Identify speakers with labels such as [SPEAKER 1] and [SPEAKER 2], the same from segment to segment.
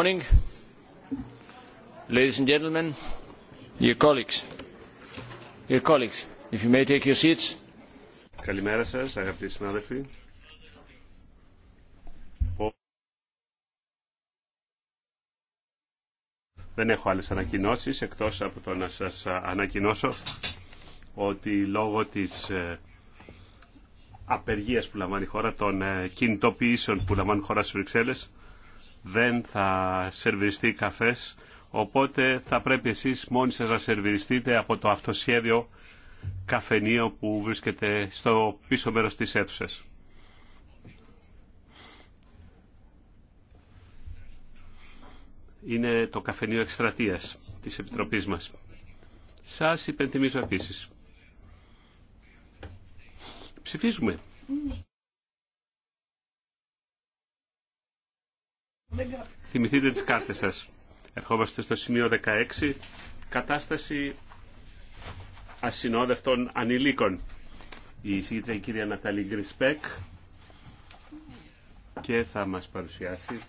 [SPEAKER 1] morning, ladies and gentlemen,
[SPEAKER 2] dear colleagues. Dear colleagues, if you may take your seats. Καλημέρα σας, αγαπητοί συνάδελφοι. Δεν έχω άλλες ανακοινώσεις, εκτός από το να σας ανακοινώσω ότι λόγω της ε, απεργίας που λαμβάνει η χώρα, των ε, κινητοποιήσεων που λαμβάνει η χώρα στις Βρυξέλλες, δεν θα σερβιριστεί καφές, οπότε θα πρέπει εσείς μόνοι σας να σερβιριστείτε από το αυτοσχέδιο καφενείο που βρίσκεται στο πίσω μέρος της αίθουσας. Είναι το καφενείο εκστρατείας της Επιτροπής μας. Σας υπενθυμίζω επίσης. Ψηφίζουμε. Θυμηθείτε τις κάρτες σας. Ερχόμαστε στο σημείο 16. Κατάσταση ασυνόδευτων ανηλίκων. Η εισηγήτρια η κυρία Ναταλή Γκρισπέκ και θα μας παρουσιάσει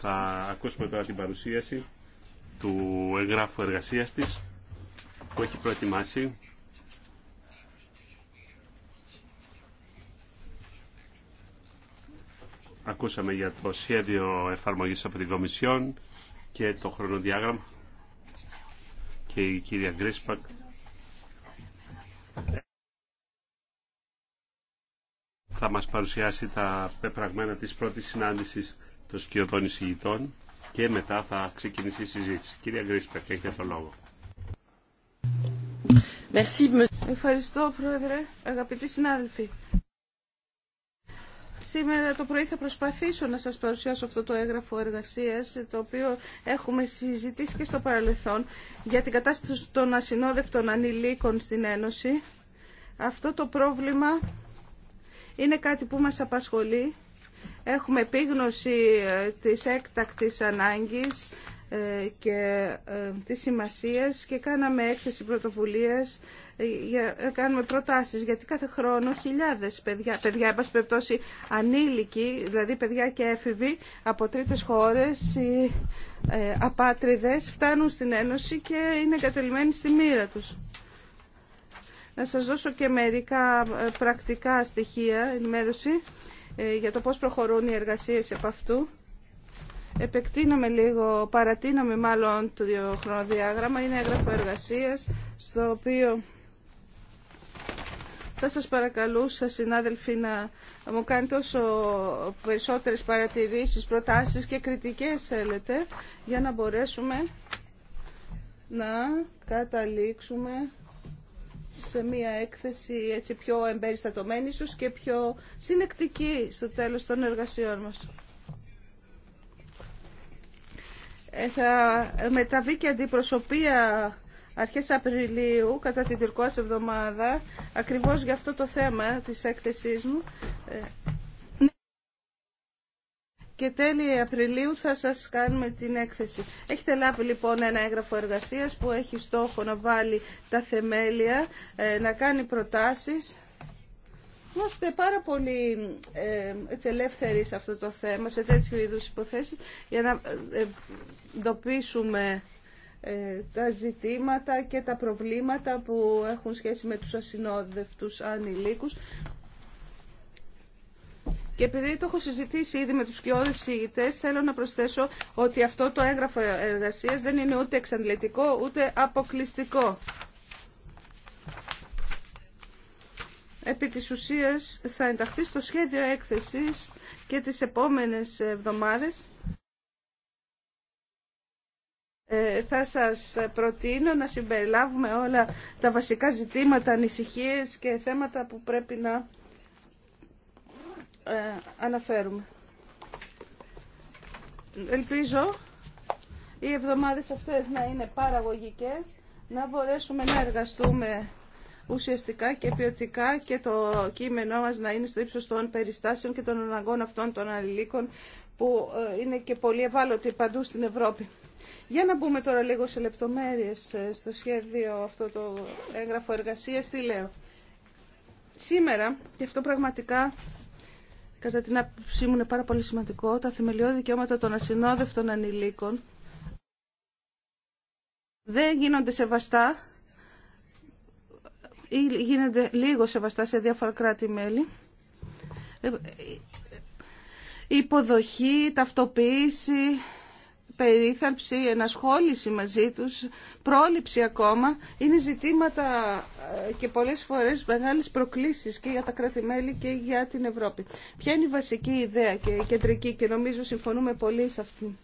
[SPEAKER 2] Θα ακούσουμε τώρα την παρουσίαση του εγγράφου εργασίας της που έχει προετοιμάσει Ακούσαμε για το σχέδιο εφαρμογής από την Κομισιόν και το χρονοδιάγραμμα και η κυρία Γκρίσπακ θα μας παρουσιάσει τα πεπραγμένα της πρώτης συνάντησης των σκιωδών εισηγητών και μετά θα ξεκινήσει η συζήτηση. Κυρία Γκρίσπακ, έχετε το λόγο.
[SPEAKER 3] Ευχαριστώ, Πρόεδρε, αγαπητοί συνάδελφοι. Σήμερα το πρωί θα προσπαθήσω να σας παρουσιάσω αυτό το έγγραφο εργασίας, το οποίο έχουμε συζητήσει και στο παρελθόν, για την κατάσταση των ασυνόδευτων ανηλίκων στην Ένωση. Αυτό το πρόβλημα είναι κάτι που μας απασχολεί. Έχουμε επίγνωση ε, της έκτακτης ανάγκης ε, και ε, της σημασίας και κάναμε έκθεση πρωτοβουλίας ε, για, κάνουμε προτάσεις γιατί κάθε χρόνο χιλιάδες παιδιά, παιδιά πάση περιπτώσει ανήλικοι, δηλαδή παιδιά και έφηβοι από τρίτες χώρες οι ε, απάτριδες φτάνουν στην Ένωση και είναι εγκατελειμμένοι στη μοίρα τους. Να σας δώσω και μερικά πρακτικά στοιχεία ενημέρωση για το πώς προχωρούν οι εργασίες επ' αυτού επεκτείναμε λίγο, παρατείναμε μάλλον το χρονοδιάγραμμα. Είναι έγγραφο εργασίας στο οποίο θα σας παρακαλούσα συνάδελφοι να μου κάνετε όσο περισσότερες παρατηρήσεις, προτάσεις και κριτικές θέλετε για να μπορέσουμε να καταλήξουμε σε μια έκθεση έτσι πιο εμπεριστατωμένη και πιο συνεκτική στο τέλος των εργασιών μας. Ε, θα μεταβεί και αντιπροσωπεία αρχές Απριλίου κατά την Τυρκουάς εβδομάδα ακριβώς για αυτό το θέμα της έκθεσής μου ε, και τέλη Απριλίου θα σας κάνουμε την έκθεση. Έχετε λάβει λοιπόν ένα έγγραφο εργασίας που έχει στόχο να βάλει τα θεμέλια, ε, να κάνει προτάσεις. Είμαστε πάρα πολύ ε, ελεύθεροι σε αυτό το θέμα, σε τέτοιου είδους υποθέσεις, για να εντοπίσουμε ε, τα ζητήματα και τα προβλήματα που έχουν σχέση με τους ασυνόδευτους ανηλίκους. Και επειδή το έχω συζητήσει ήδη με τους κοιόδες ηγητές, θέλω να προσθέσω ότι αυτό το έγγραφο εργασίας δεν είναι ούτε εξαντλητικό, ούτε αποκλειστικό. Επί της ουσίας θα ενταχθεί στο σχέδιο έκθεσης και τις επόμενες εβδομάδες. Ε, θα σας προτείνω να συμπεριλάβουμε όλα τα βασικά ζητήματα, ανησυχίες και θέματα που πρέπει να ε, αναφέρουμε. Ελπίζω οι εβδομάδες αυτές να είναι παραγωγικές, να μπορέσουμε να εργαστούμε ουσιαστικά και ποιοτικά και το κείμενό μας να είναι στο ύψος των περιστάσεων και των αναγκών αυτών των αλληλίκων που ε, είναι και πολύ ευάλωτοι παντού στην Ευρώπη. Για να μπούμε τώρα λίγο σε λεπτομέρειες ε, στο σχέδιο αυτό το έγγραφο εργασίας, τι λέω. Σήμερα, και αυτό πραγματικά κατά την άποψή μου είναι πάρα πολύ σημαντικό, τα θεμελιώδη δικαιώματα των ασυνόδευτων ανηλίκων δεν γίνονται σεβαστά ή γίνονται λίγο σεβαστά σε διάφορα κράτη-μέλη. Ε, ε, υποδοχή, ταυτοποίηση, περίθαλψη, ενασχόληση μαζί τους, πρόληψη ακόμα, είναι ζητήματα ε, και πολλές φορές μεγάλες προκλήσεις και για τα κράτη-μέλη και για την Ευρώπη. Ποια είναι η βασική ιδέα και η κεντρική και νομίζω συμφωνούμε πολύ σε αυτή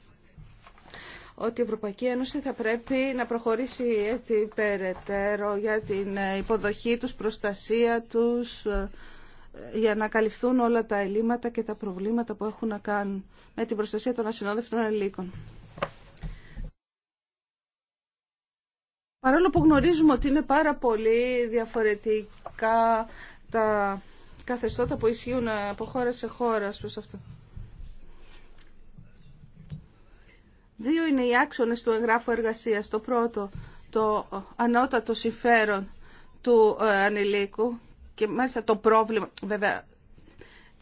[SPEAKER 3] ότι η Ευρωπαϊκή Ένωση θα πρέπει να προχωρήσει έτσι περαιτέρω για την ε, υποδοχή τους, προστασία τους, ε, για να καλυφθούν όλα τα ελλείμματα και τα προβλήματα που έχουν να κάνουν με την προστασία των ασυνόδευτων ελίκων. Παρόλο που γνωρίζουμε ότι είναι πάρα πολύ διαφορετικά τα καθεστώτα που ισχύουν από χώρα σε χώρα προ αυτό. Δύο είναι οι άξονες του εγγράφου εργασίας. Το πρώτο, το ανώτατο συμφέρον του ε, ανηλίκου και μάλιστα το πρόβλημα, βέβαια,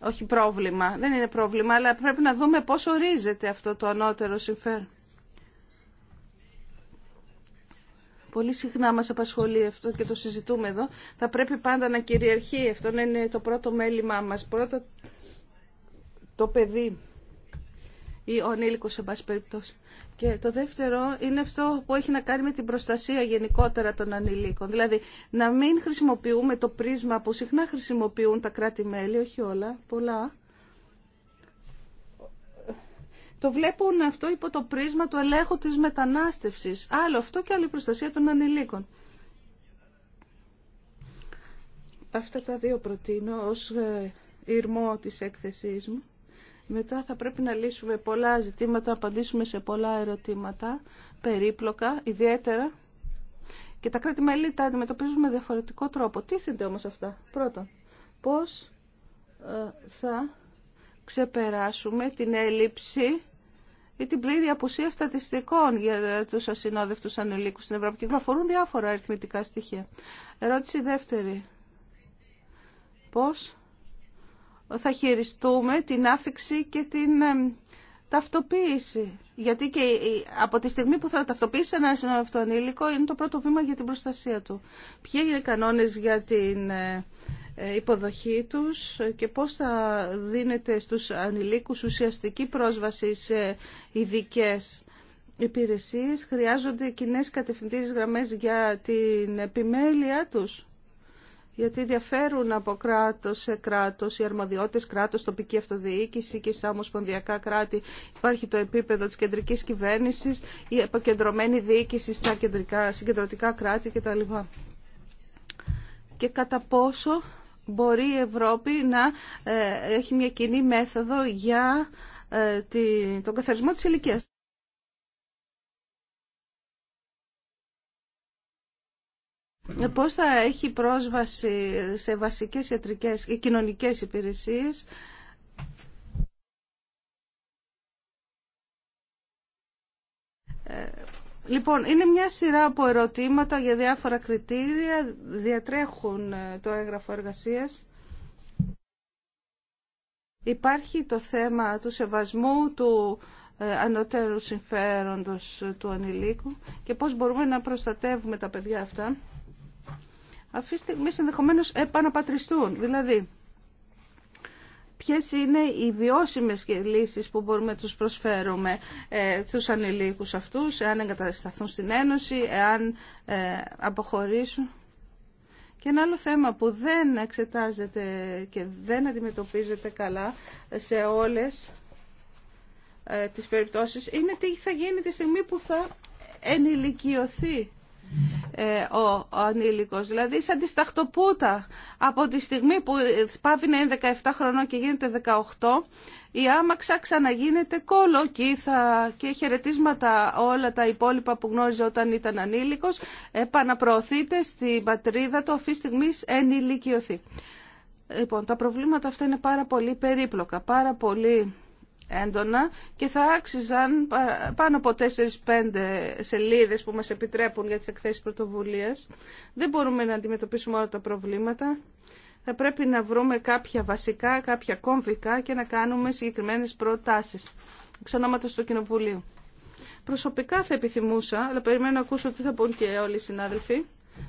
[SPEAKER 3] όχι πρόβλημα, δεν είναι πρόβλημα, αλλά πρέπει να δούμε πώς ορίζεται αυτό το ανώτερο συμφέρον. πολύ συχνά μας απασχολεί αυτό και το συζητούμε εδώ, θα πρέπει πάντα να κυριαρχεί. Αυτό να είναι το πρώτο μέλημά μας. Πρώτα το παιδί ή ο ανήλικος σε πάση περιπτώσει. Και το δεύτερο είναι αυτό που έχει να κάνει με την προστασία γενικότερα των ανηλίκων. Δηλαδή να μην χρησιμοποιούμε το πρίσμα που συχνά χρησιμοποιούν τα κράτη-μέλη, όχι όλα, πολλά, το βλέπουν αυτό υπό το πρίσμα του ελέγχου της μετανάστευσης. Άλλο αυτό και άλλη προστασία των ανηλίκων. Αυτά τα δύο προτείνω ως ηρμό ε, της έκθεσής μου. Μετά θα πρέπει να λύσουμε πολλά ζητήματα, να απαντήσουμε σε πολλά ερωτήματα, περίπλοκα, ιδιαίτερα. Και τα κράτη-μέλη τα αντιμετωπίζουν με διαφορετικό τρόπο. Τι θέλετε όμως αυτά. Πρώτον, πώς ε, θα ξεπεράσουμε την έλλειψη ή την πλήρη απουσία στατιστικών για ε, τους ασυνόδευτους ανηλίκους στην Ευρώπη. αφορούν διάφορα αριθμητικά στοιχεία. Ερώτηση δεύτερη. Πώς θα χειριστούμε την άφηξη και την ε, ταυτοποίηση. Γιατί και από τη στιγμή που θα ταυτοποιήσει ένα ανήλικο είναι το πρώτο βήμα για την προστασία του. Ποιοι είναι οι κανόνες για την ε, ε, υποδοχή τους και πώς θα δίνεται στους ανηλίκους ουσιαστική πρόσβαση σε ειδικέ υπηρεσίες. Χρειάζονται κοινέ κατευθυντήριες γραμμές για την επιμέλεια τους γιατί διαφέρουν από κράτο σε κράτο, οι αρμοδιότητε, κράτος, τοπική αυτοδιοίκηση και στα ομοσπονδιακά κράτη. Υπάρχει το επίπεδο της κεντρικής κυβέρνηση, η επικεντρωμένη διοίκηση στα κεντρικά, συγκεντρωτικά κράτη κτλ. Και κατά πόσο μπορεί η Ευρώπη να ε, έχει μια κοινή μέθοδο για ε, τον καθαρισμό της ηλικίας. Ε, πώς θα έχει πρόσβαση σε βασικές ιατρικές και κοινωνικές υπηρεσίες ε, Λοιπόν, είναι μια σειρά από ερωτήματα για διάφορα κριτήρια, διατρέχουν ε, το έγγραφο εργασίας. Υπάρχει το θέμα του σεβασμού, του ανωτέρου συμφέροντος του ανηλίκου και πώς μπορούμε να προστατεύουμε τα παιδιά αυτά αυτή τη στιγμή ενδεχομένως επαναπατριστούν. Δηλαδή, ποιες είναι οι βιώσιμες λύσεις που μπορούμε να τους προσφέρουμε ε, στους ανηλίκους αυτούς, εάν εγκατασταθούν στην Ένωση, εάν ε, αποχωρήσουν. Και ένα άλλο θέμα που δεν εξετάζεται και δεν αντιμετωπίζεται καλά σε όλες ε, τις περιπτώσεις είναι τι θα γίνει τη στιγμή που θα ενηλικιωθεί ο, ε, ο ανήλικος. Δηλαδή σαν τη σταχτοπούτα από τη στιγμή που πάβει να είναι 17 χρονών και γίνεται 18 η άμαξα ξαναγίνεται κόλο και, θα, και χαιρετίσματα όλα τα υπόλοιπα που γνώριζε όταν ήταν ανήλικος επαναπροωθείται στην πατρίδα του αυτή στιγμή ενηλικιωθεί. Λοιπόν, τα προβλήματα αυτά είναι πάρα πολύ περίπλοκα, πάρα πολύ έντονα και θα άξιζαν πάνω από 4-5 σελίδες που μας επιτρέπουν για τις εκθέσεις πρωτοβουλίας. Δεν μπορούμε να αντιμετωπίσουμε όλα τα προβλήματα. Θα πρέπει να βρούμε κάποια βασικά, κάποια κόμβικά και να κάνουμε συγκεκριμένες προτάσεις εξ στο του Κοινοβουλίου. Προσωπικά θα επιθυμούσα, αλλά περιμένω να ακούσω τι θα πούν και όλοι οι συνάδελφοι,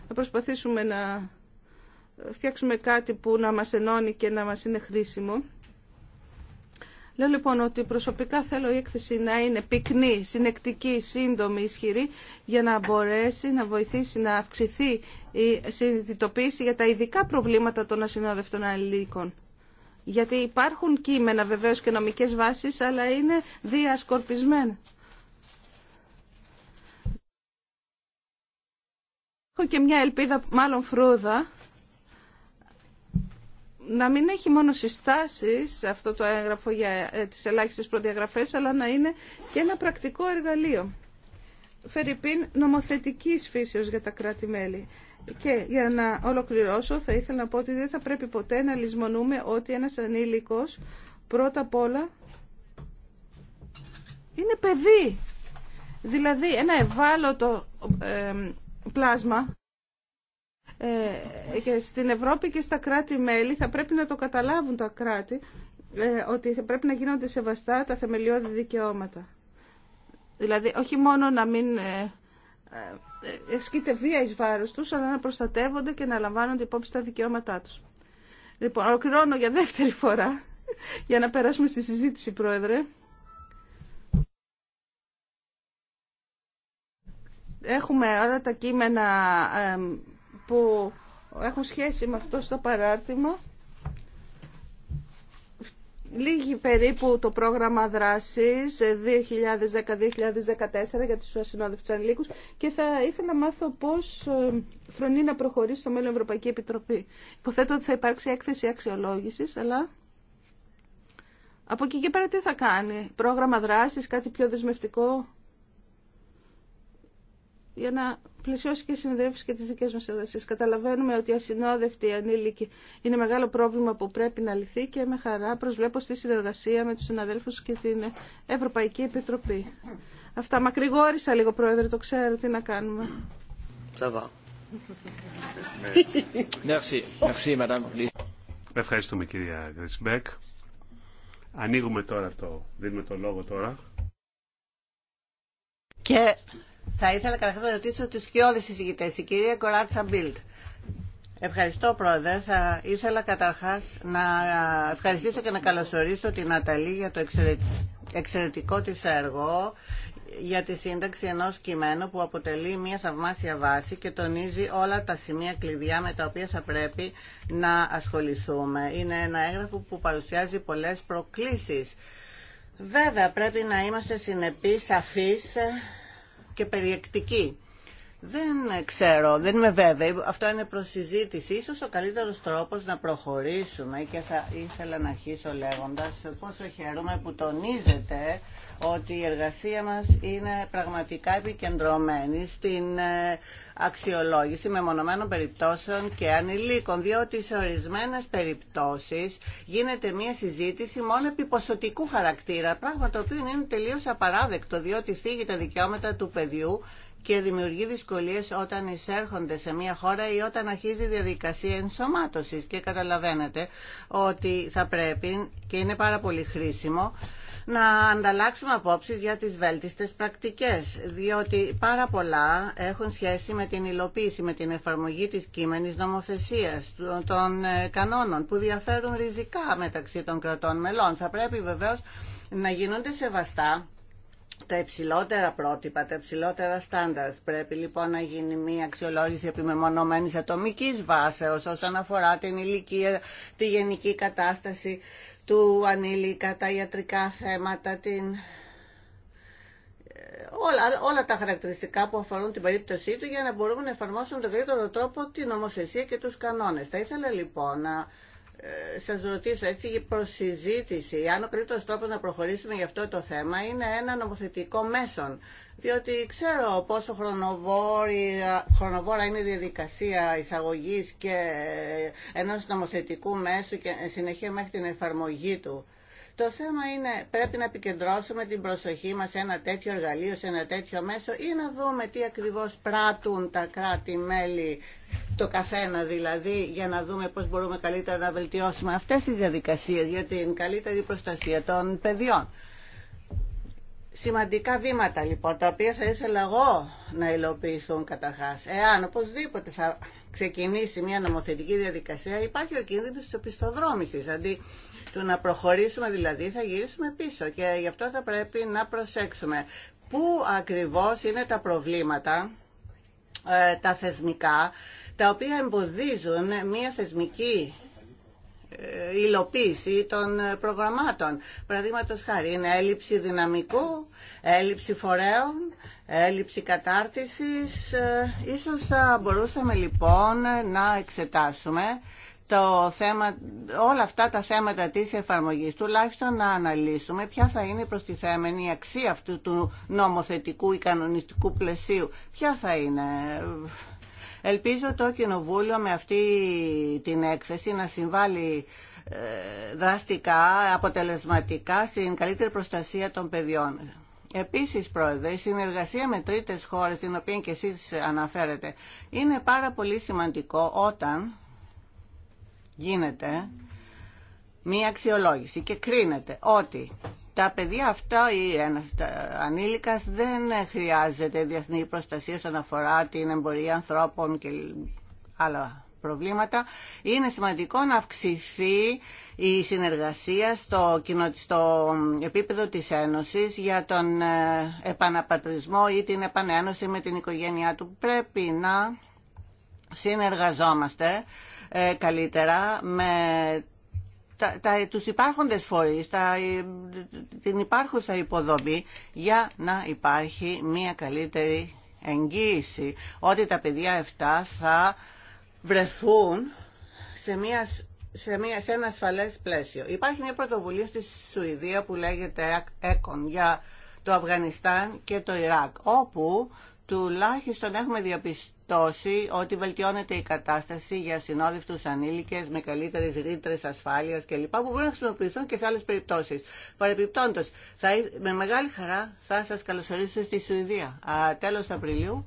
[SPEAKER 3] να προσπαθήσουμε να φτιάξουμε κάτι που να μας ενώνει και να μας είναι χρήσιμο. Λέω λοιπόν ότι προσωπικά θέλω η έκθεση να είναι πυκνή, συνεκτική, σύντομη, ισχυρή για να μπορέσει να βοηθήσει να αυξηθεί η συνειδητοποίηση για τα ειδικά προβλήματα των ασυνόδευτων αλληλίκων. Γιατί υπάρχουν κείμενα βεβαίως και νομικές βάσεις, αλλά είναι διασκορπισμένα. Έχω και μια ελπίδα, μάλλον φρούδα, να μην έχει μόνο συστάσεις αυτό το έγγραφο για ε, τις ελάχιστες προδιαγραφές, αλλά να είναι και ένα πρακτικό εργαλείο. Φερρυπίν νομοθετικής φύσεως για τα κράτη-μέλη. Και για να ολοκληρώσω θα ήθελα να πω ότι δεν θα πρέπει ποτέ να λησμονούμε ότι ένας ανήλικος πρώτα απ' όλα είναι παιδί. Δηλαδή ένα ευάλωτο ε, πλάσμα ε, και στην Ευρώπη και στα κράτη-μέλη θα πρέπει να το καταλάβουν τα κράτη ε, ότι θα πρέπει να γίνονται σεβαστά τα θεμελιώδη δικαιώματα. Δηλαδή, όχι μόνο να μην ε, ασκείται βία εις βάρος τους, αλλά να προστατεύονται και να λαμβάνονται υπόψη τα δικαιώματά τους. Λοιπόν, ολοκληρώνω για δεύτερη φορά, για να περάσουμε στη συζήτηση, Πρόεδρε. Έχουμε όλα τα κείμενα που έχουν σχέση με αυτό στο παράρτημα. Λίγη περίπου το πρόγραμμα δράσης 2010-2014 ε, για τους ασυνόδευτους ανηλίκους και θα ήθελα να μάθω πώς ε, φρονεί να προχωρήσει στο μέλλον Ευρωπαϊκή Επιτροπή. Υποθέτω ότι θα υπάρξει έκθεση αξιολόγησης, αλλά από εκεί και πέρα τι θα κάνει. Πρόγραμμα δράσης, κάτι πιο δεσμευτικό για να πλησιώσει και συνδέσει και τι δικέ μα εργασίε. Καταλαβαίνουμε ότι η ασυνόδευτοι είναι μεγάλο πρόβλημα που πρέπει να λυθεί και με χαρά προσβλέπω στη συνεργασία με του συναδέλφου και την Ευρωπαϊκή Επιτροπή. Αυτά μακρηγόρησα λίγο, Πρόεδρε, το ξέρω. Τι να κάνουμε.
[SPEAKER 2] Ευχαριστούμε, κυρία Γκρισμπέκ. Ανοίγουμε τώρα το, δίνουμε το λόγο τώρα.
[SPEAKER 1] Και θα ήθελα καταρχά να ρωτήσω του σκιώδεις συζητητές, η κυρία Κοράτσα Μπίλτ. Ευχαριστώ πρόεδρε. Θα ήθελα καταρχά να ευχαριστήσω και να καλωσορίσω την Αταλή για το εξαιρετικό της έργο για τη σύνταξη ενός κειμένου που αποτελεί μια θαυμάσια βάση και τονίζει όλα τα σημεία κλειδιά με τα οποία θα πρέπει να ασχοληθούμε. Είναι ένα έγγραφο που παρουσιάζει πολλές προκλήσεις. Βέβαια, πρέπει να είμαστε συνεπείς, σαφείς και περιεκτική. Δεν ξέρω, δεν είμαι βέβαιη. Αυτό είναι συζήτηση. Ίσως ο καλύτερος τρόπος να προχωρήσουμε και θα ήθελα να αρχίσω λέγοντας πόσο χαίρομαι που τονίζετε ότι η εργασία μας είναι πραγματικά επικεντρωμένη στην ε, αξιολόγηση μεμονωμένων περιπτώσεων και ανηλίκων, διότι σε ορισμένες περιπτώσεις γίνεται μια συζήτηση μόνο επί ποσοτικού χαρακτήρα, πράγμα το οποίο είναι τελείως απαράδεκτο, διότι θίγει τα δικαιώματα του παιδιού και δημιουργεί δυσκολίες όταν εισέρχονται σε μια χώρα ή όταν αρχίζει η διαδικασία ενσωμάτωσης και καταλαβαίνετε ότι θα πρέπει και είναι πάρα πολύ χρήσιμο να ανταλλάξουμε απόψεις για τις βέλτιστες πρακτικές διότι πάρα πολλά έχουν σχέση με την υλοποίηση, με την εφαρμογή της κείμενης νομοθεσίας των ε, κανόνων που διαφέρουν ριζικά μεταξύ των κρατών μελών. Θα πρέπει βεβαίως να γίνονται σεβαστά τα υψηλότερα πρότυπα, τα υψηλότερα στάνταρ. Πρέπει λοιπόν να γίνει μια αξιολόγηση επιμεμονωμένη ατομική βάσεω όσον αφορά την ηλικία, τη γενική κατάσταση του ανήλικα, τα ιατρικά θέματα, την... Ε, όλα, όλα τα χαρακτηριστικά που αφορούν την περίπτωσή του για να μπορούμε να εφαρμόσουμε τον καλύτερο τρόπο την νομοθεσία και τους κανόνες. Θα ήθελα λοιπόν να σας ρωτήσω έτσι για προσυζήτηση. Αν ο καλύτερος τρόπος να προχωρήσουμε για αυτό το θέμα είναι ένα νομοθετικό μέσον. Διότι ξέρω πόσο χρονοβόρα είναι η διαδικασία εισαγωγής και ενός νομοθετικού μέσου και συνεχεία μέχρι την εφαρμογή του. Το θέμα είναι πρέπει να επικεντρώσουμε την προσοχή μας σε ένα τέτοιο εργαλείο, σε ένα τέτοιο μέσο ή να δούμε τι ακριβώς πράττουν τα κράτη-μέλη, το καθένα δηλαδή, για να δούμε πώς μπορούμε καλύτερα να βελτιώσουμε αυτές τις διαδικασίες για την καλύτερη προστασία των παιδιών. Σημαντικά βήματα λοιπόν, τα οποία θα ήθελα εγώ να υλοποιηθούν καταρχά. Εάν οπωσδήποτε θα ξεκινήσει μια νομοθετική διαδικασία, υπάρχει ο κίνδυνος τη οπισθοδρόμηση. Αντί του να προχωρήσουμε δηλαδή θα γυρίσουμε πίσω και γι' αυτό θα πρέπει να προσέξουμε πού ακριβώς είναι τα προβλήματα, ε, τα θεσμικά, τα οποία εμποδίζουν μια θεσμική υλοποίηση των προγραμμάτων. Παραδείγματο χάρη είναι έλλειψη δυναμικού, έλλειψη φορέων, έλλειψη κατάρτισης. Ε, ίσως θα μπορούσαμε λοιπόν να εξετάσουμε το θέμα, όλα αυτά τα θέματα της εφαρμογής, τουλάχιστον να αναλύσουμε ποια θα είναι η προστιθέμενη αξία αυτού του νομοθετικού ή κανονιστικού πλαισίου. Ποια θα είναι Ελπίζω το Κοινοβούλιο με αυτή την έκθεση να συμβάλλει ε, δραστικά, αποτελεσματικά στην καλύτερη προστασία των παιδιών. Επίσης, Πρόεδρε, η συνεργασία με τρίτες χώρες, την οποία και εσείς αναφέρετε, είναι πάρα πολύ σημαντικό όταν γίνεται μία αξιολόγηση και κρίνεται ότι τα παιδιά αυτά ή ένας ανήλικας δεν χρειάζεται διεθνή προστασία όσον αφορά την εμπορία ανθρώπων και άλλα προβλήματα. Είναι σημαντικό να αυξηθεί η συνεργασία στο, επίπεδο της Ένωσης για τον ε, επαναπατρισμό ή την επανένωση με την οικογένειά του. Πρέπει να συνεργαζόμαστε ε, καλύτερα με τα, τα, τους υπάρχοντες φορείς, τα, την υπάρχουσα υποδομή για να υπάρχει μια καλύτερη εγγύηση ότι τα παιδιά αυτά θα βρεθούν σε, μια, σε, μια, σε ένα ασφαλές πλαίσιο. Υπάρχει μια πρωτοβουλία στη Σουηδία που λέγεται ΕΚΟΝ για το Αφγανιστάν και το Ιράκ, όπου τουλάχιστον έχουμε διαπιστώσει τόση ότι βελτιώνεται η κατάσταση για συνόδευτους ανήλικες με καλύτερες ρήτρε ασφάλεια κλπ. που μπορούν να χρησιμοποιηθούν και σε άλλε περιπτώσει. Παρεπιπτόντως, με μεγάλη χαρά θα σας καλωσορίσω στη Σουηδία. τέλο Απριλίου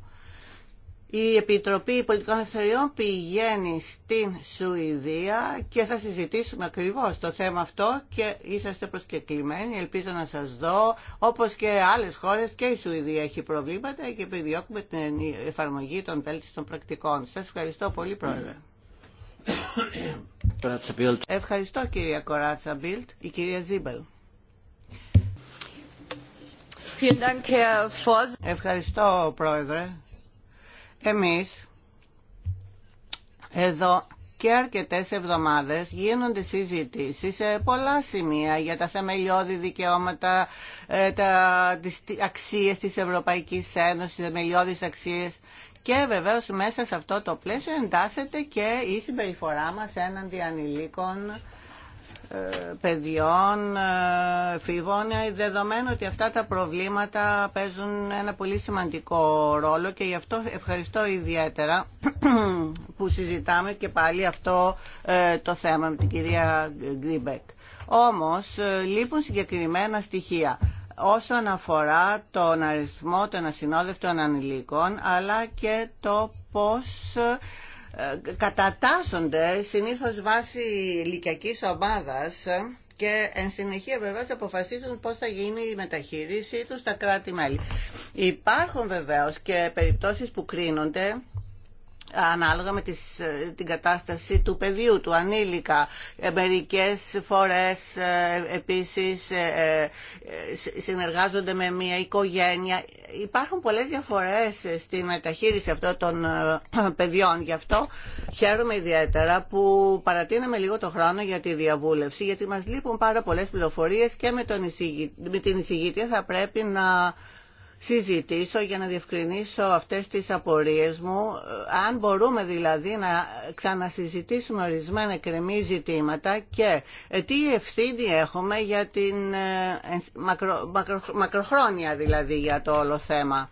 [SPEAKER 1] η Επιτροπή Πολιτικών Ελευθεριών πηγαίνει στην Σουηδία και θα συζητήσουμε ακριβώς το θέμα αυτό και είσαστε προσκεκλημένοι. Ελπίζω να σας δω. Όπως και άλλες χώρες και η Σουηδία έχει προβλήματα και επιδιώκουμε την εφαρμογή των βέλτιστων πρακτικών. Σας ευχαριστώ πολύ Πρόεδρε. Ευχαριστώ κυρία Κοράτσα Μπίλτ. Η κυρία Ζίμπελ. Ευχαριστώ Πρόεδρε. Εμείς εδώ και αρκετές εβδομάδες γίνονται συζητήσεις σε πολλά σημεία για τα θεμελιώδη δικαιώματα, ε, τα, τις αξίες της Ευρωπαϊκής Ένωσης, θεμελιώδεις αξίες και βεβαίως μέσα σε αυτό το πλαίσιο εντάσσεται και η συμπεριφορά μας έναντι ανηλίκων παιδιών, ε, φίβων, δεδομένου ότι αυτά τα προβλήματα παίζουν ένα πολύ σημαντικό ρόλο και γι' αυτό ευχαριστώ ιδιαίτερα που συζητάμε και πάλι αυτό ε, το θέμα με την κυρία Γκρίμπεκ. Όμως ε, λείπουν συγκεκριμένα στοιχεία όσον αφορά τον αριθμό των ασυνόδευτων ανηλίκων αλλά και το πώς κατατάσσονται συνήθως βάσει ηλικιακής ομάδας και εν συνεχεία βεβαίως αποφασίζουν πώς θα γίνει η μεταχείρισή τους στα κράτη-μέλη. Υπάρχουν βεβαίως και περιπτώσεις που κρίνονται ανάλογα με τις, ε, την κατάσταση του παιδιού, του ανήλικα. Ε, μερικές φορές ε, επίσης συνεργάζονται με μια οικογένεια. Υπάρχουν πολλές διαφορές στη μεταχείριση αυτών των παιδιών. Γι' αυτό χαίρομαι ιδιαίτερα που παρατείναμε λίγο το χρόνο για τη διαβούλευση, γιατί μας λείπουν πάρα πολλές πληροφορίες και με, τον με την εισηγήτρια θα πρέπει να συζητήσω για να διευκρινίσω αυτές τις απορίες μου, αν μπορούμε δηλαδή να ξανασυζητήσουμε ορισμένα κρεμή ζητήματα και ε, τι ευθύνη έχουμε για την ε, μακρο, μακροχρόνια δηλαδή για το όλο θέμα.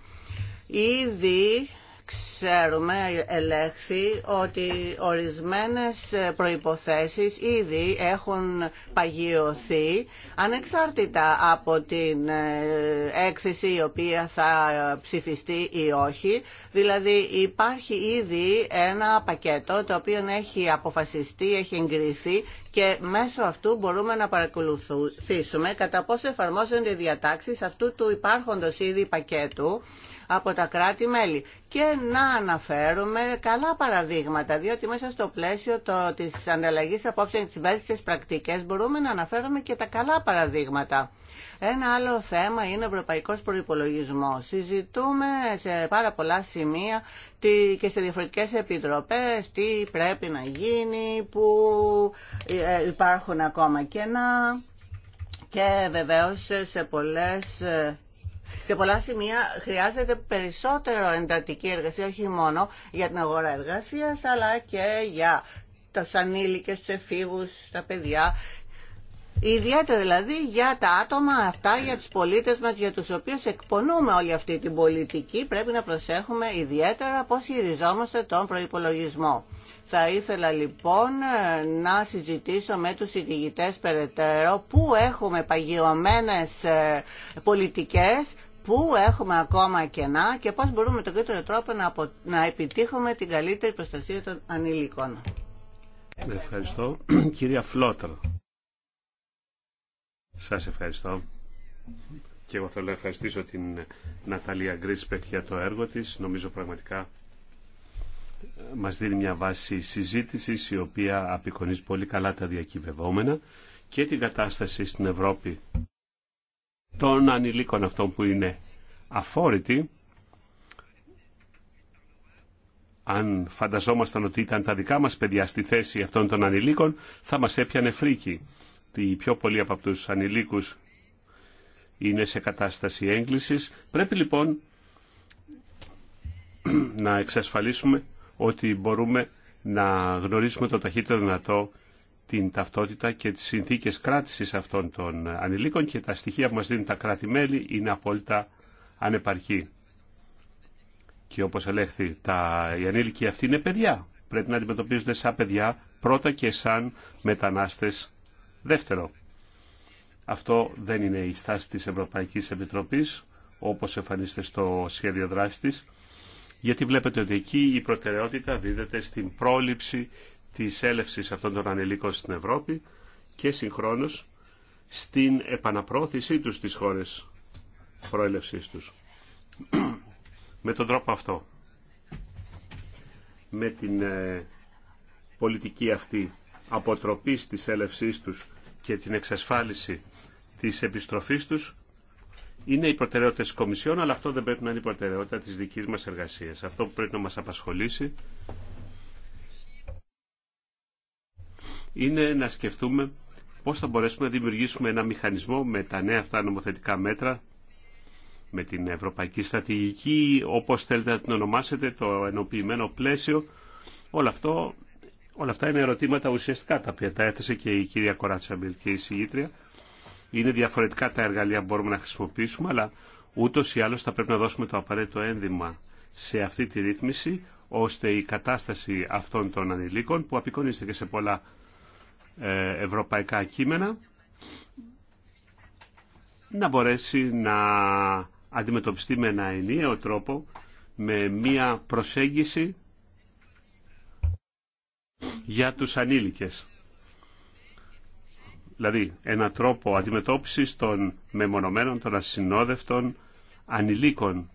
[SPEAKER 1] Ήδη Ξέρουμε, ελέγχθη, ότι ορισμένες προϋποθέσεις ήδη έχουν παγιωθεί ανεξάρτητα από την ε, έκθεση η οποία θα ψηφιστεί ή όχι. Δηλαδή υπάρχει ήδη ένα πακέτο το οποίο έχει αποφασιστεί, έχει εγκριθεί και μέσω αυτού μπορούμε να παρακολουθήσουμε κατά πόσο εφαρμόζονται οι διατάξεις αυτού του υπάρχοντος ήδη πακέτου από τα κράτη-μέλη και να αναφέρουμε καλά παραδείγματα, διότι μέσα στο πλαίσιο το, της ανταλλαγής και της βέλτιστης πρακτικές μπορούμε να αναφέρουμε και τα καλά παραδείγματα. Ένα άλλο θέμα είναι ο ευρωπαϊκός προϋπολογισμός. Συζητούμε σε πάρα πολλά σημεία και σε διαφορετικές επιτροπές τι πρέπει να γίνει, που ε, υπάρχουν ακόμα κενά και βεβαίως σε πολλές ε, σε πολλά σημεία χρειάζεται περισσότερο εντατική εργασία, όχι μόνο για την αγορά εργασία αλλά και για τους ανήλικες, τους εφήβους, τα παιδιά Ιδιαίτερα δηλαδή για τα άτομα αυτά, για τους πολίτες μας, για τους οποίους εκπονούμε όλη αυτή την πολιτική, πρέπει να προσέχουμε ιδιαίτερα πώς χειριζόμαστε τον προϋπολογισμό. Θα ήθελα λοιπόν ε, να συζητήσω με τους συντηγητές περαιτέρω που έχουμε παγιωμένες ε, πολιτικές, που έχουμε ακόμα κενά και πώς μπορούμε με τον καλύτερο τρόπο να, να επιτύχουμε την καλύτερη προστασία των ανηλίκων.
[SPEAKER 2] Ευχαριστώ. Κυρία Φλότρα. Σας ευχαριστώ. Και εγώ θέλω να ευχαριστήσω την Ναταλία Γκρίσπεκ για το έργο της. Νομίζω πραγματικά ε, μας δίνει μια βάση συζήτησης η οποία απεικονίζει πολύ καλά τα διακυβευόμενα και την κατάσταση στην Ευρώπη των ανηλίκων αυτών που είναι αφόρητοι. Αν φανταζόμασταν ότι ήταν τα δικά μας παιδιά στη θέση αυτών των ανηλίκων θα μας έπιανε φρίκι ότι οι πιο πολλοί από τους ανηλίκους είναι σε κατάσταση έγκλησης. Πρέπει λοιπόν να εξασφαλίσουμε ότι μπορούμε να γνωρίσουμε το ταχύτερο δυνατό την ταυτότητα και τις συνθήκες κράτησης αυτών των ανηλίκων και τα στοιχεία που μας δίνουν τα κράτη-μέλη είναι απόλυτα ανεπαρκή. Και όπως ελέγχθη, τα, οι ανήλικοι αυτοί είναι παιδιά. Πρέπει να αντιμετωπίζονται σαν παιδιά πρώτα και σαν μετανάστες Δεύτερο, αυτό δεν είναι η στάση της Ευρωπαϊκής Επιτροπής, όπως εμφανίζεται στο σχέδιο δράσης της, γιατί βλέπετε ότι εκεί η προτεραιότητα δίδεται στην πρόληψη της έλευσης αυτών των ανηλίκων στην Ευρώπη και συγχρόνως στην επαναπρόθεσή τους στις χώρες προέλευσής τους. με τον τρόπο αυτό, με την ε, πολιτική αυτή αποτροπής της έλευσής τους και την εξασφάλιση της επιστροφής τους είναι οι προτεραιότητε της Κομισιόν, αλλά αυτό δεν πρέπει να είναι η προτεραιότητα της δικής μας εργασίας. Αυτό που πρέπει να μας απασχολήσει είναι να σκεφτούμε πώς θα μπορέσουμε να δημιουργήσουμε ένα μηχανισμό με τα νέα αυτά νομοθετικά μέτρα, με την ευρωπαϊκή στρατηγική, όπως θέλετε να την ονομάσετε, το ενοποιημένο πλαίσιο. Όλο αυτό Όλα αυτά είναι ερωτήματα ουσιαστικά τα οποία τα έθεσε και η κυρία Κοράτσα και η συγγήτρια. Είναι διαφορετικά τα εργαλεία που μπορούμε να χρησιμοποιήσουμε, αλλά ούτω ή άλλω θα πρέπει να δώσουμε το απαραίτητο ένδυμα σε αυτή τη ρύθμιση, ώστε η κατάσταση αυτών των ανηλίκων, που απεικονίστηκε σε πολλά ε, ευρωπαϊκά κείμενα, να μπορέσει να αντιμετωπιστεί με ένα ενιαίο τρόπο, με μία προσέγγιση για τους ανήλικες. Δηλαδή, ένα τρόπο αντιμετώπισης των μεμονωμένων, των ασυνόδευτων, ανηλίκων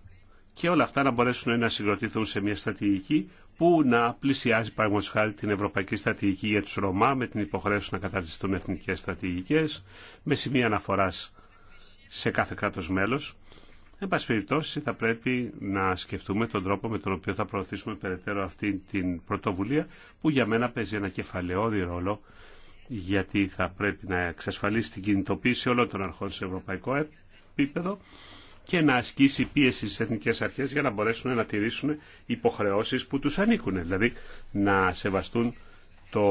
[SPEAKER 2] και όλα αυτά να μπορέσουν να συγκροτηθούν σε μια στρατηγική που να πλησιάζει παραδείγματος την Ευρωπαϊκή Στρατηγική για τους Ρωμά με την υποχρέωση να καταρτιστούν εθνικές στρατηγικές με σημεία αναφοράς σε κάθε κράτος μέλος Εν πάση περιπτώσει θα πρέπει να σκεφτούμε τον τρόπο με τον οποίο θα προωθήσουμε περαιτέρω αυτή την πρωτοβουλία που για μένα παίζει ένα κεφαλαιόδη ρόλο γιατί θα πρέπει να εξασφαλίσει την κινητοποίηση όλων των αρχών σε ευρωπαϊκό επίπεδο και να ασκήσει πίεση στις εθνικές αρχές για να μπορέσουν να τηρήσουν υποχρεώσεις που τους ανήκουν, δηλαδή να σεβαστούν το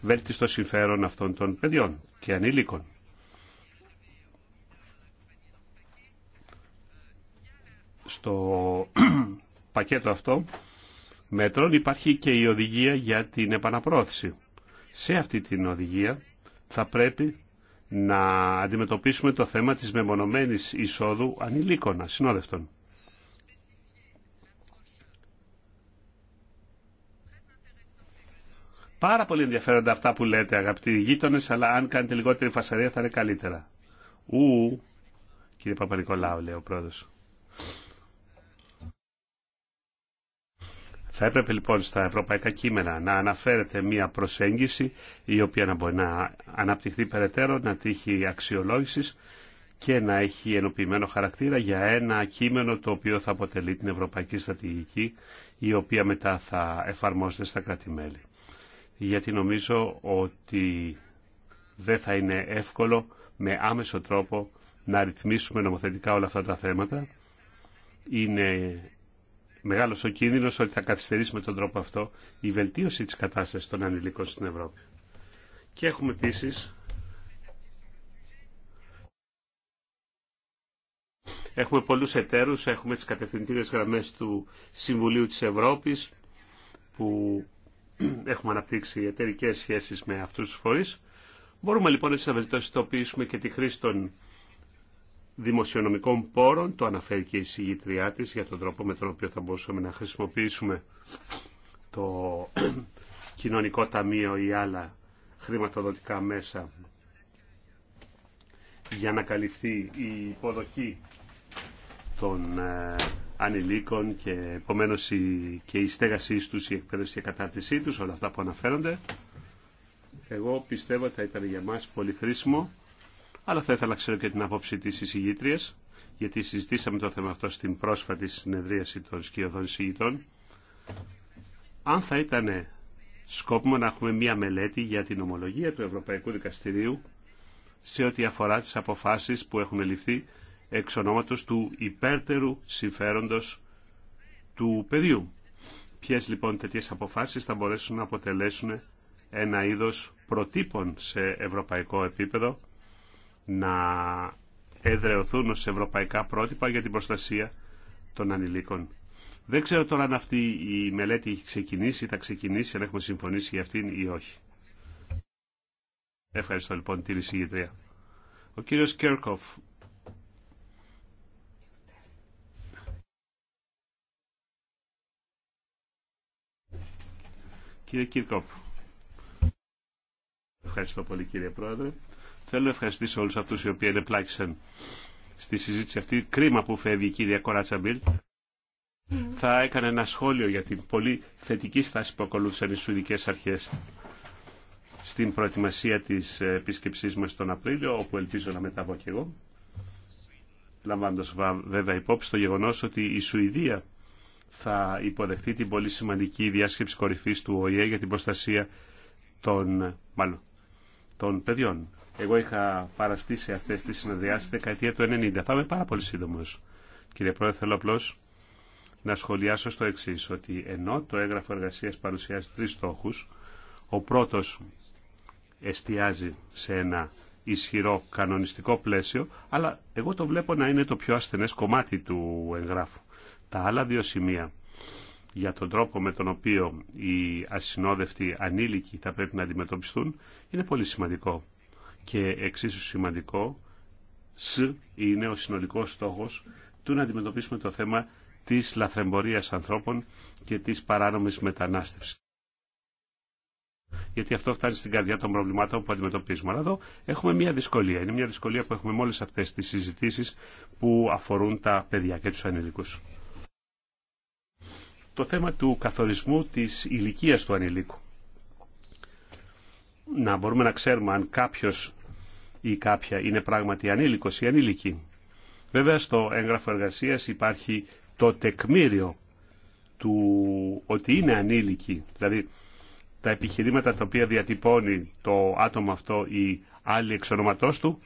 [SPEAKER 2] βέλτιστο συμφέρον αυτών των παιδιών και ανήλικων. στο πακέτο αυτό μέτρων υπάρχει και η οδηγία για την επαναπρόθεση. Σε αυτή την οδηγία θα πρέπει να αντιμετωπίσουμε το θέμα της μεμονωμένης εισόδου ανηλίκων ασυνόδευτων. Πάρα πολύ ενδιαφέροντα αυτά που λέτε αγαπητοί γείτονε, αλλά αν κάνετε λιγότερη φασαρία θα είναι καλύτερα. Ου, κύριε Παπα-Νικολάου, λέει ο πρόεδρος. Θα έπρεπε λοιπόν στα ευρωπαϊκά κείμενα να αναφέρεται μια προσέγγιση η οποία να μπορεί να αναπτυχθεί περαιτέρω, να τύχει αξιολόγησης και να έχει ενοποιημένο χαρακτήρα για ένα κείμενο το οποίο θα αποτελεί την Ευρωπαϊκή Στρατηγική η οποία μετά θα εφαρμόζεται στα κράτη-μέλη. Γιατί νομίζω ότι δεν θα είναι εύκολο με άμεσο τρόπο να ρυθμίσουμε νομοθετικά όλα αυτά τα θέματα. Είναι Μεγαλό ο κίνδυνος ότι θα καθυστερήσει με τον τρόπο αυτό η βελτίωση της κατάστασης των ανηλίκων στην Ευρώπη. Και έχουμε επίση. Έχουμε πολλούς εταίρους, έχουμε τις κατευθυντήρες γραμμές του Συμβουλίου της Ευρώπης που έχουμε αναπτύξει εταιρικέ σχέσεις με αυτούς τους φορείς. Μπορούμε λοιπόν έτσι να βελτιστοποιήσουμε και τη χρήση των δημοσιονομικών πόρων, το αναφέρει και η συγγήτριά της για τον τρόπο με τον οποίο θα μπορούσαμε να χρησιμοποιήσουμε το κοινωνικό ταμείο ή άλλα χρηματοδοτικά μέσα για να καλυφθεί η υποδοχή των ε, ανηλίκων και επομένως η, και η στέγασή τους, η εκπαίδευση και κατάρτισή τους, όλα αυτά που αναφέρονται. Εγώ πιστεύω ότι θα ήταν για μας πολύ χρήσιμο αλλά θα ήθελα να ξέρω και την άποψη της εισηγήτριας, γιατί συζητήσαμε το θέμα αυτό στην πρόσφατη συνεδρίαση των σκιωδών εισηγητών. Αν θα ήταν σκόπιμο να έχουμε μία μελέτη για την ομολογία του Ευρωπαϊκού Δικαστηρίου σε ό,τι αφορά τις αποφάσεις που έχουν ληφθεί εξ ονόματος του υπέρτερου συμφέροντος του πεδίου. Ποιε λοιπόν τέτοιε αποφάσεις θα μπορέσουν να αποτελέσουν ένα είδος προτύπων σε ευρωπαϊκό επίπεδο να εδρεωθούν ως ευρωπαϊκά πρότυπα για την προστασία των ανηλίκων. Δεν ξέρω τώρα αν αυτή η μελέτη έχει ξεκινήσει ή θα ξεκινήσει, αν έχουμε συμφωνήσει για αυτήν ή όχι. Ευχαριστώ λοιπόν την εισηγητρία. Ο κύριος Κέρκοφ. Κύριε Κύρκοφ. Ευχαριστώ πολύ κύριε Πρόεδρε. Θέλω να ευχαριστήσω όλους αυτούς οι οποίοι ενεπλάκησαν στη συζήτηση αυτή. Κρίμα που φεύγει η κυρία Κοράτσα Θα έκανε ένα σχόλιο για την πολύ θετική στάση που ακολούθησαν οι Σουηδικές Αρχές στην προετοιμασία της επίσκεψής μας τον Απρίλιο, όπου ελπίζω να μεταβώ και εγώ. Λαμβάνοντας βέβαια υπόψη το γεγονός ότι η Σουηδία θα υποδεχθεί την πολύ σημαντική διάσκεψη κορυφής του ΟΗΕ για την προστασία των, μάλλον, των παιδιών. Εγώ είχα παραστήσει αυτέ τι τις συνεδριάσεις δεκαετία του 90. Θα είμαι πάρα πολύ σύντομο. Κύριε Πρόεδρε, θέλω απλώ να σχολιάσω στο εξή ότι ενώ το έγγραφο εργασία παρουσιάζει τρει στόχου: ο πρώτο εστιάζει σε ένα ισχυρό κανονιστικό πλαίσιο, αλλά εγώ το βλέπω να είναι το πιο ασθενές κομμάτι του εγγράφου. Τα άλλα δύο σημεία για τον τρόπο με τον οποίο οι ασυνόδευτοι ανήλικοι θα πρέπει να αντιμετωπιστούν είναι πολύ σημαντικό. Και εξίσου σημαντικό σ, είναι ο συνολικός στόχος του να αντιμετωπίσουμε το θέμα της λαθρεμπορίας ανθρώπων και της παράνομης μετανάστευσης. Γιατί αυτό φτάνει στην καρδιά των προβλημάτων που αντιμετωπίζουμε. Αλλά εδώ έχουμε μια δυσκολία. Είναι μια δυσκολία που έχουμε με όλε αυτέ τι συζητήσει που αφορούν τα παιδιά και του ανήλικου το θέμα του καθορισμού της ηλικία του ανηλίκου. Να μπορούμε να ξέρουμε αν κάποιος ή κάποια είναι πράγματι ανήλικος ή ανήλικη. Βέβαια στο έγγραφο εργασίας υπάρχει το τεκμήριο του ότι είναι ανήλικη. Δηλαδή τα επιχειρήματα τα οποία διατυπώνει το άτομο αυτό ή άλλη εξ του,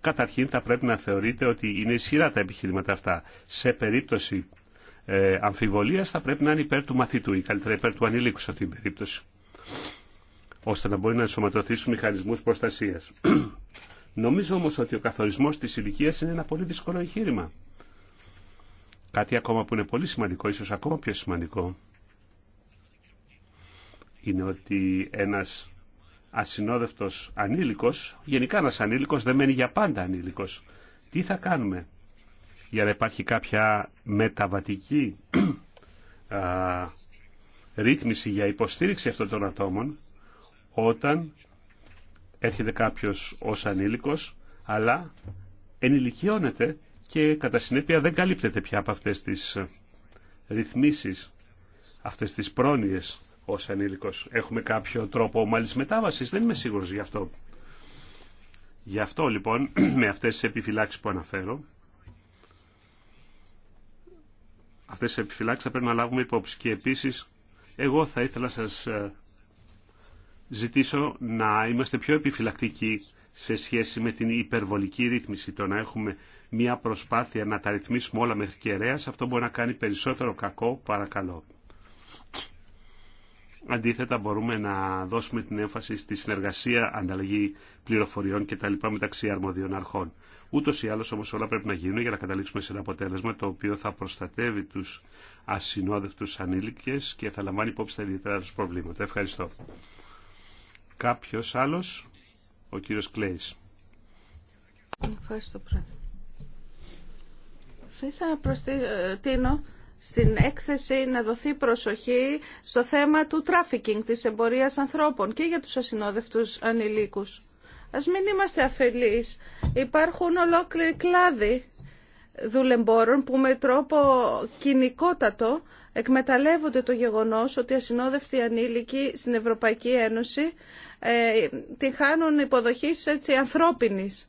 [SPEAKER 2] καταρχήν θα πρέπει να θεωρείτε ότι είναι ισχυρά τα επιχειρήματα αυτά. Σε περίπτωση ε, αμφιβολίας θα πρέπει να είναι υπέρ του μαθητού ή καλύτερα υπέρ του ανήλικου σε αυτήν την περίπτωση ώστε να μπορεί να ενσωματωθεί στους μηχανισμούς προστασίας. Νομίζω όμως ότι ο καθορισμός της ηλικία είναι ένα πολύ δύσκολο εγχείρημα. Κάτι ακόμα που είναι πολύ σημαντικό, ίσως ακόμα πιο σημαντικό, είναι ότι ένας ασυνόδευτος ανήλικος, γενικά ένας ανήλικος δεν μένει για πάντα ανήλικος. Τι θα κάνουμε για να υπάρχει κάποια μεταβατική α, ρύθμιση για υποστήριξη αυτών των ατόμων όταν έρχεται κάποιος ως ανήλικος αλλά ενηλικιώνεται και κατά συνέπεια δεν καλύπτεται πια από αυτές τις ρυθμίσεις, αυτές τις πρόνοιες ως ανήλικος. Έχουμε κάποιο τρόπο ομαλής μετάβασης, δεν είμαι σίγουρος γι' αυτό. Γι' αυτό λοιπόν με αυτές τις επιφυλάξεις που αναφέρω αυτές τις επιφυλάξεις θα πρέπει να λάβουμε υπόψη. Και επίσης, εγώ θα ήθελα να σας ε, ζητήσω να είμαστε πιο επιφυλακτικοί σε σχέση με την υπερβολική ρύθμιση. Το να έχουμε μια προσπάθεια να τα ρυθμίσουμε όλα μέχρι κεραίας, αυτό μπορεί να κάνει περισσότερο κακό, παρακαλώ. Αντίθετα, μπορούμε να δώσουμε την έμφαση στη συνεργασία, ανταλλαγή πληροφοριών κτλ. μεταξύ αρμοδίων αρχών. Ούτω ή άλλω όμω όλα πρέπει να γίνουν για να καταλήξουμε σε ένα αποτέλεσμα το οποίο θα προστατεύει του ασυνόδευτου ανήλικε και θα λαμβάνει υπόψη τα ιδιαίτερα του προβλήματα. Ευχαριστώ. Κάποιο άλλο, ο κύριο Κλέη.
[SPEAKER 3] Ευχαριστώ, Πρόεδρε. Θα ήθελα να προσθέσω... Ε, στην έκθεση να δοθεί προσοχή στο θέμα του τράφικινγκ, της εμπορίας ανθρώπων και για τους ασυνόδευτους ανηλίκους. Ας μην είμαστε αφελείς. Υπάρχουν ολόκληροι κλάδοι δουλεμπόρων που με τρόπο κοινικότατο εκμεταλλεύονται το γεγονός ότι οι ασυνόδευτοι ανήλικοι στην Ευρωπαϊκή Ένωση ε, τη χάνουν υποδοχής έτσι ανθρώπινης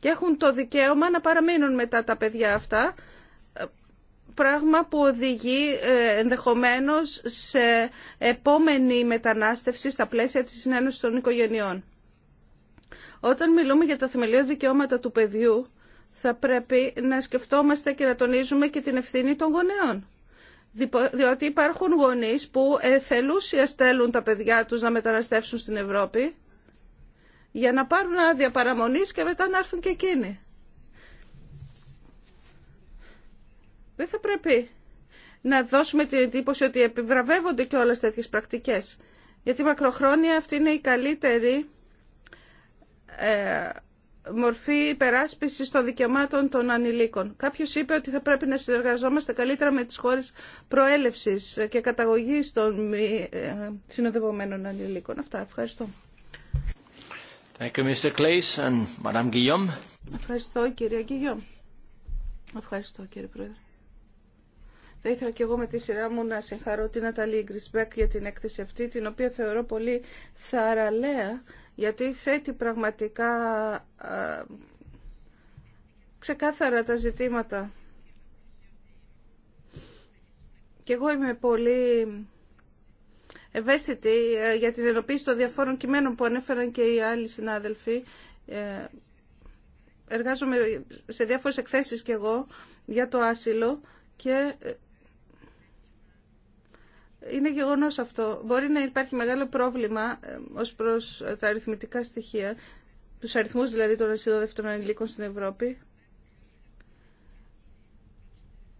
[SPEAKER 3] και έχουν το δικαίωμα να παραμείνουν μετά τα παιδιά αυτά πράγμα που οδηγεί ε, ενδεχομένως σε επόμενη μετανάστευση στα πλαίσια της συνένωσης των οικογενειών. Όταν μιλούμε για τα θεμελιώδη δικαιώματα του παιδιού, θα πρέπει να σκεφτόμαστε και να τονίζουμε και την ευθύνη των γονέων. Διότι υπάρχουν γονείς που θελούσια στέλνουν τα παιδιά τους να μεταναστεύσουν στην Ευρώπη για να πάρουν άδεια παραμονής και μετά να έρθουν και εκείνοι. δεν θα πρέπει να δώσουμε την εντύπωση ότι επιβραβεύονται και όλες τέτοιες πρακτικές. Γιατί μακροχρόνια αυτή είναι η καλύτερη ε, μορφή υπεράσπιση των δικαιωμάτων των ανηλίκων. Κάποιος είπε ότι θα πρέπει να συνεργαζόμαστε καλύτερα με τις χώρες προέλευσης και καταγωγής των μη, ε, συνοδευομένων ανηλίκων. Αυτά. Ευχαριστώ.
[SPEAKER 2] Thank you,
[SPEAKER 1] Mr. and Madame
[SPEAKER 3] Ευχαριστώ, κύριε Guillaume. Ευχαριστώ, κύριε Πρόεδρε. Θα ήθελα και εγώ με τη σειρά μου να συγχαρώ την Αταλή Γκρισμπέκ για την έκθεση αυτή, την οποία θεωρώ πολύ θαραλέα, γιατί θέτει πραγματικά ξεκάθαρα τα ζητήματα. Και εγώ είμαι πολύ ευαίσθητη ε, για την ενοποίηση των διαφόρων κειμένων που ανέφεραν και οι άλλοι συνάδελφοι. Ε, εργάζομαι σε διάφορες εκθέσεις κι εγώ για το άσυλο και ε, είναι γεγονό αυτό. Μπορεί να υπάρχει μεγάλο πρόβλημα ε, ως προς τα αριθμητικά στοιχεία, τους αριθμού δηλαδή των ασυνοδευτών ανηλίκων στην Ευρώπη.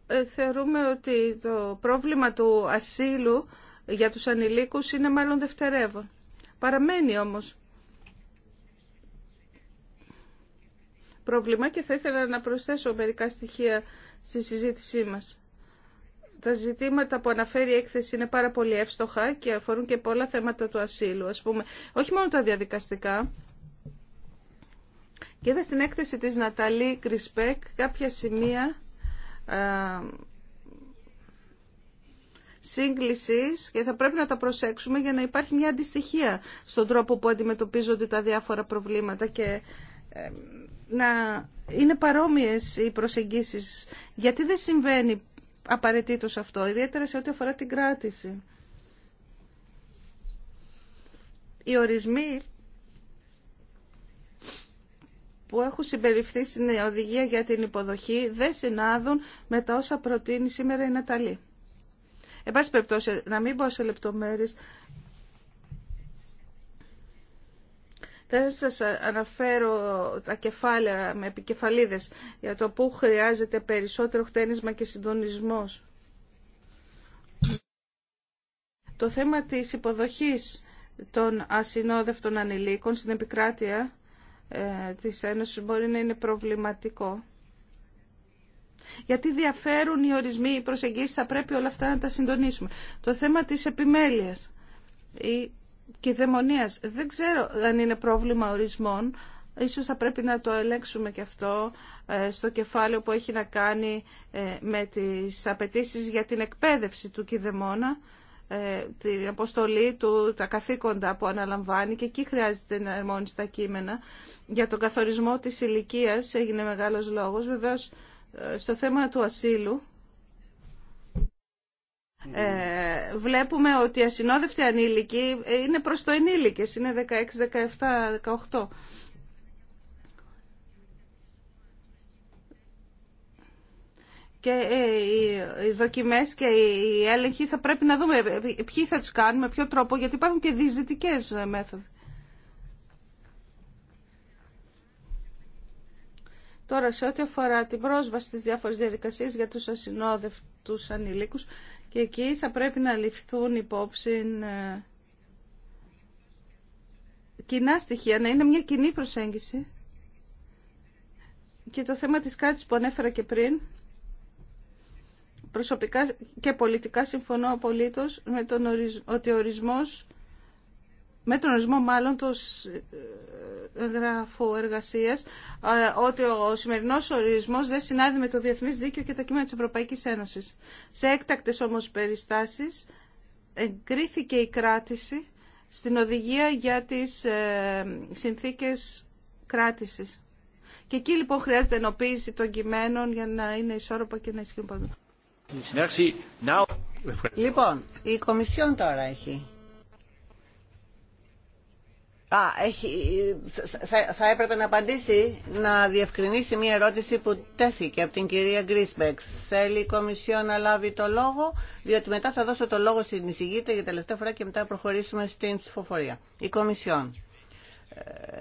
[SPEAKER 3] Ε, θεωρούμε ότι το πρόβλημα του ασύλου για τους ανηλίκους είναι μάλλον δευτερεύον. Παραμένει όμως πρόβλημα και θα ήθελα να προσθέσω μερικά στοιχεία στη συζήτησή μας. Τα ζητήματα που αναφέρει η έκθεση είναι πάρα πολύ εύστοχα και αφορούν και πολλά θέματα του ασύλου, ας πούμε. Όχι μόνο τα διαδικαστικά. Και είδα στην έκθεση της Ναταλή Κρισπέκ κάποια σημεία σύγκλησης και θα πρέπει να τα προσέξουμε για να υπάρχει μια αντιστοιχία στον τρόπο που αντιμετωπίζονται τα διάφορα προβλήματα και να είναι παρόμοιες οι προσεγγίσεις. Γιατί δεν συμβαίνει απαραίτητο αυτό, ιδιαίτερα σε ό,τι αφορά την κράτηση. Οι ορισμοί που έχουν συμπεριφθεί στην οδηγία για την υποδοχή δεν συνάδουν με τα όσα προτείνει σήμερα η Ναταλή. Εν πάση να μην πω σε λεπτομέρειες, Δεν σας αναφέρω τα κεφάλαια με επικεφαλίδες για το πού χρειάζεται περισσότερο χτένισμα και συντονισμός. Το θέμα της υποδοχής των ασυνόδευτων ανηλίκων στην επικράτεια ε, της Ένωσης μπορεί να είναι προβληματικό. Γιατί διαφέρουν οι ορισμοί, οι προσεγγίσεις, θα πρέπει όλα αυτά να τα συντονίσουμε. Το θέμα της επιμέλειας. Η και Δεν ξέρω αν είναι πρόβλημα ορισμών. Ίσως θα πρέπει να το ελέγξουμε και αυτό ε, στο κεφάλαιο που έχει να κάνει ε, με τις απαιτήσει για την εκπαίδευση του κηδεμόνα, ε, την αποστολή του, τα καθήκοντα που αναλαμβάνει και εκεί χρειάζεται να ερμώνει στα κείμενα. Για τον καθορισμό της ηλικία έγινε μεγάλος λόγος. Βεβαίως στο θέμα του ασύλου ε, βλέπουμε ότι οι ασυνόδευτοι ανήλικοι ε, είναι προς το ενήλικες, είναι 16, 17, 18. Και ε, οι δοκιμές και οι έλεγχοι θα πρέπει να δούμε ε, ποιοι θα τις κάνουμε, με ποιο τρόπο, γιατί υπάρχουν και διζητικές μέθοδοι. Τώρα, σε ό,τι αφορά την πρόσβαση στις διάφορες διαδικασίες για τους ασυνόδευτους ανήλικους, και εκεί θα πρέπει να ληφθούν υπόψη ε, κοινά στοιχεία, να είναι μια κοινή προσέγγιση. Και το θέμα της κράτης που ανέφερα και πριν, προσωπικά και πολιτικά συμφωνώ απολύτως με τον ότι ο ορισμός με τον ορισμό μάλλον του ε, γράφου εργασία, ε, ότι ο σημερινό ορισμό δεν συνάδει με το διεθνέ δίκαιο και τα κείμενα τη Ευρωπαϊκή Ένωση. Σε έκτακτε όμω περιστάσει, εγκρίθηκε η κράτηση στην οδηγία για τις ε, συνθήκες κράτηση. Και εκεί λοιπόν χρειάζεται ενοποίηση των κειμένων για να είναι ισόρροπα και να ισχύουν παντού.
[SPEAKER 1] Λοιπόν, η Κομισιόν τώρα έχει Α, έχει, θα έπρεπε να απαντήσει, να διευκρινίσει μια ερώτηση που τέθηκε από την κυρία Γκρίσμπεξ. Θέλει η Κομισιόν να λάβει το λόγο, διότι μετά θα δώσω το λόγο στην εισηγήτρια για τελευταία φορά και μετά προχωρήσουμε στην ψηφοφορία. Η Κομισιόν.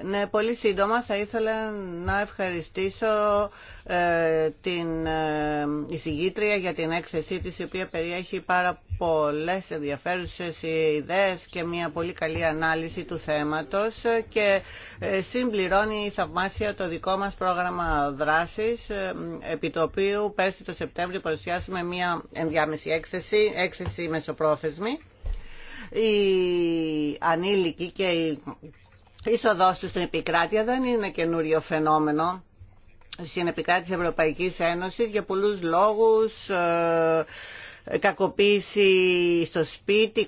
[SPEAKER 1] Ναι, πολύ σύντομα θα ήθελα να ευχαριστήσω ε, την ε, εισηγήτρια για την έκθεσή της η οποία περιέχει πάρα πολλές ενδιαφέρουσες ιδέες και μια πολύ καλή ανάλυση του θέματος και ε, συμπληρώνει θαυμάσια το δικό μας πρόγραμμα δράσης επί το οποίο πέρσι το Σεπτέμβριο παρουσιάσαμε μια ενδιάμεση έκθεση, έκθεση μεσοπρόθεσμη οι ανήλικοι και οι είσοδό του στην επικράτεια δεν είναι καινούριο φαινόμενο στην επικράτηση της Ευρωπαϊκής Ένωσης για πολλούς λόγους, ε, ε, κακοποίηση στο σπίτι,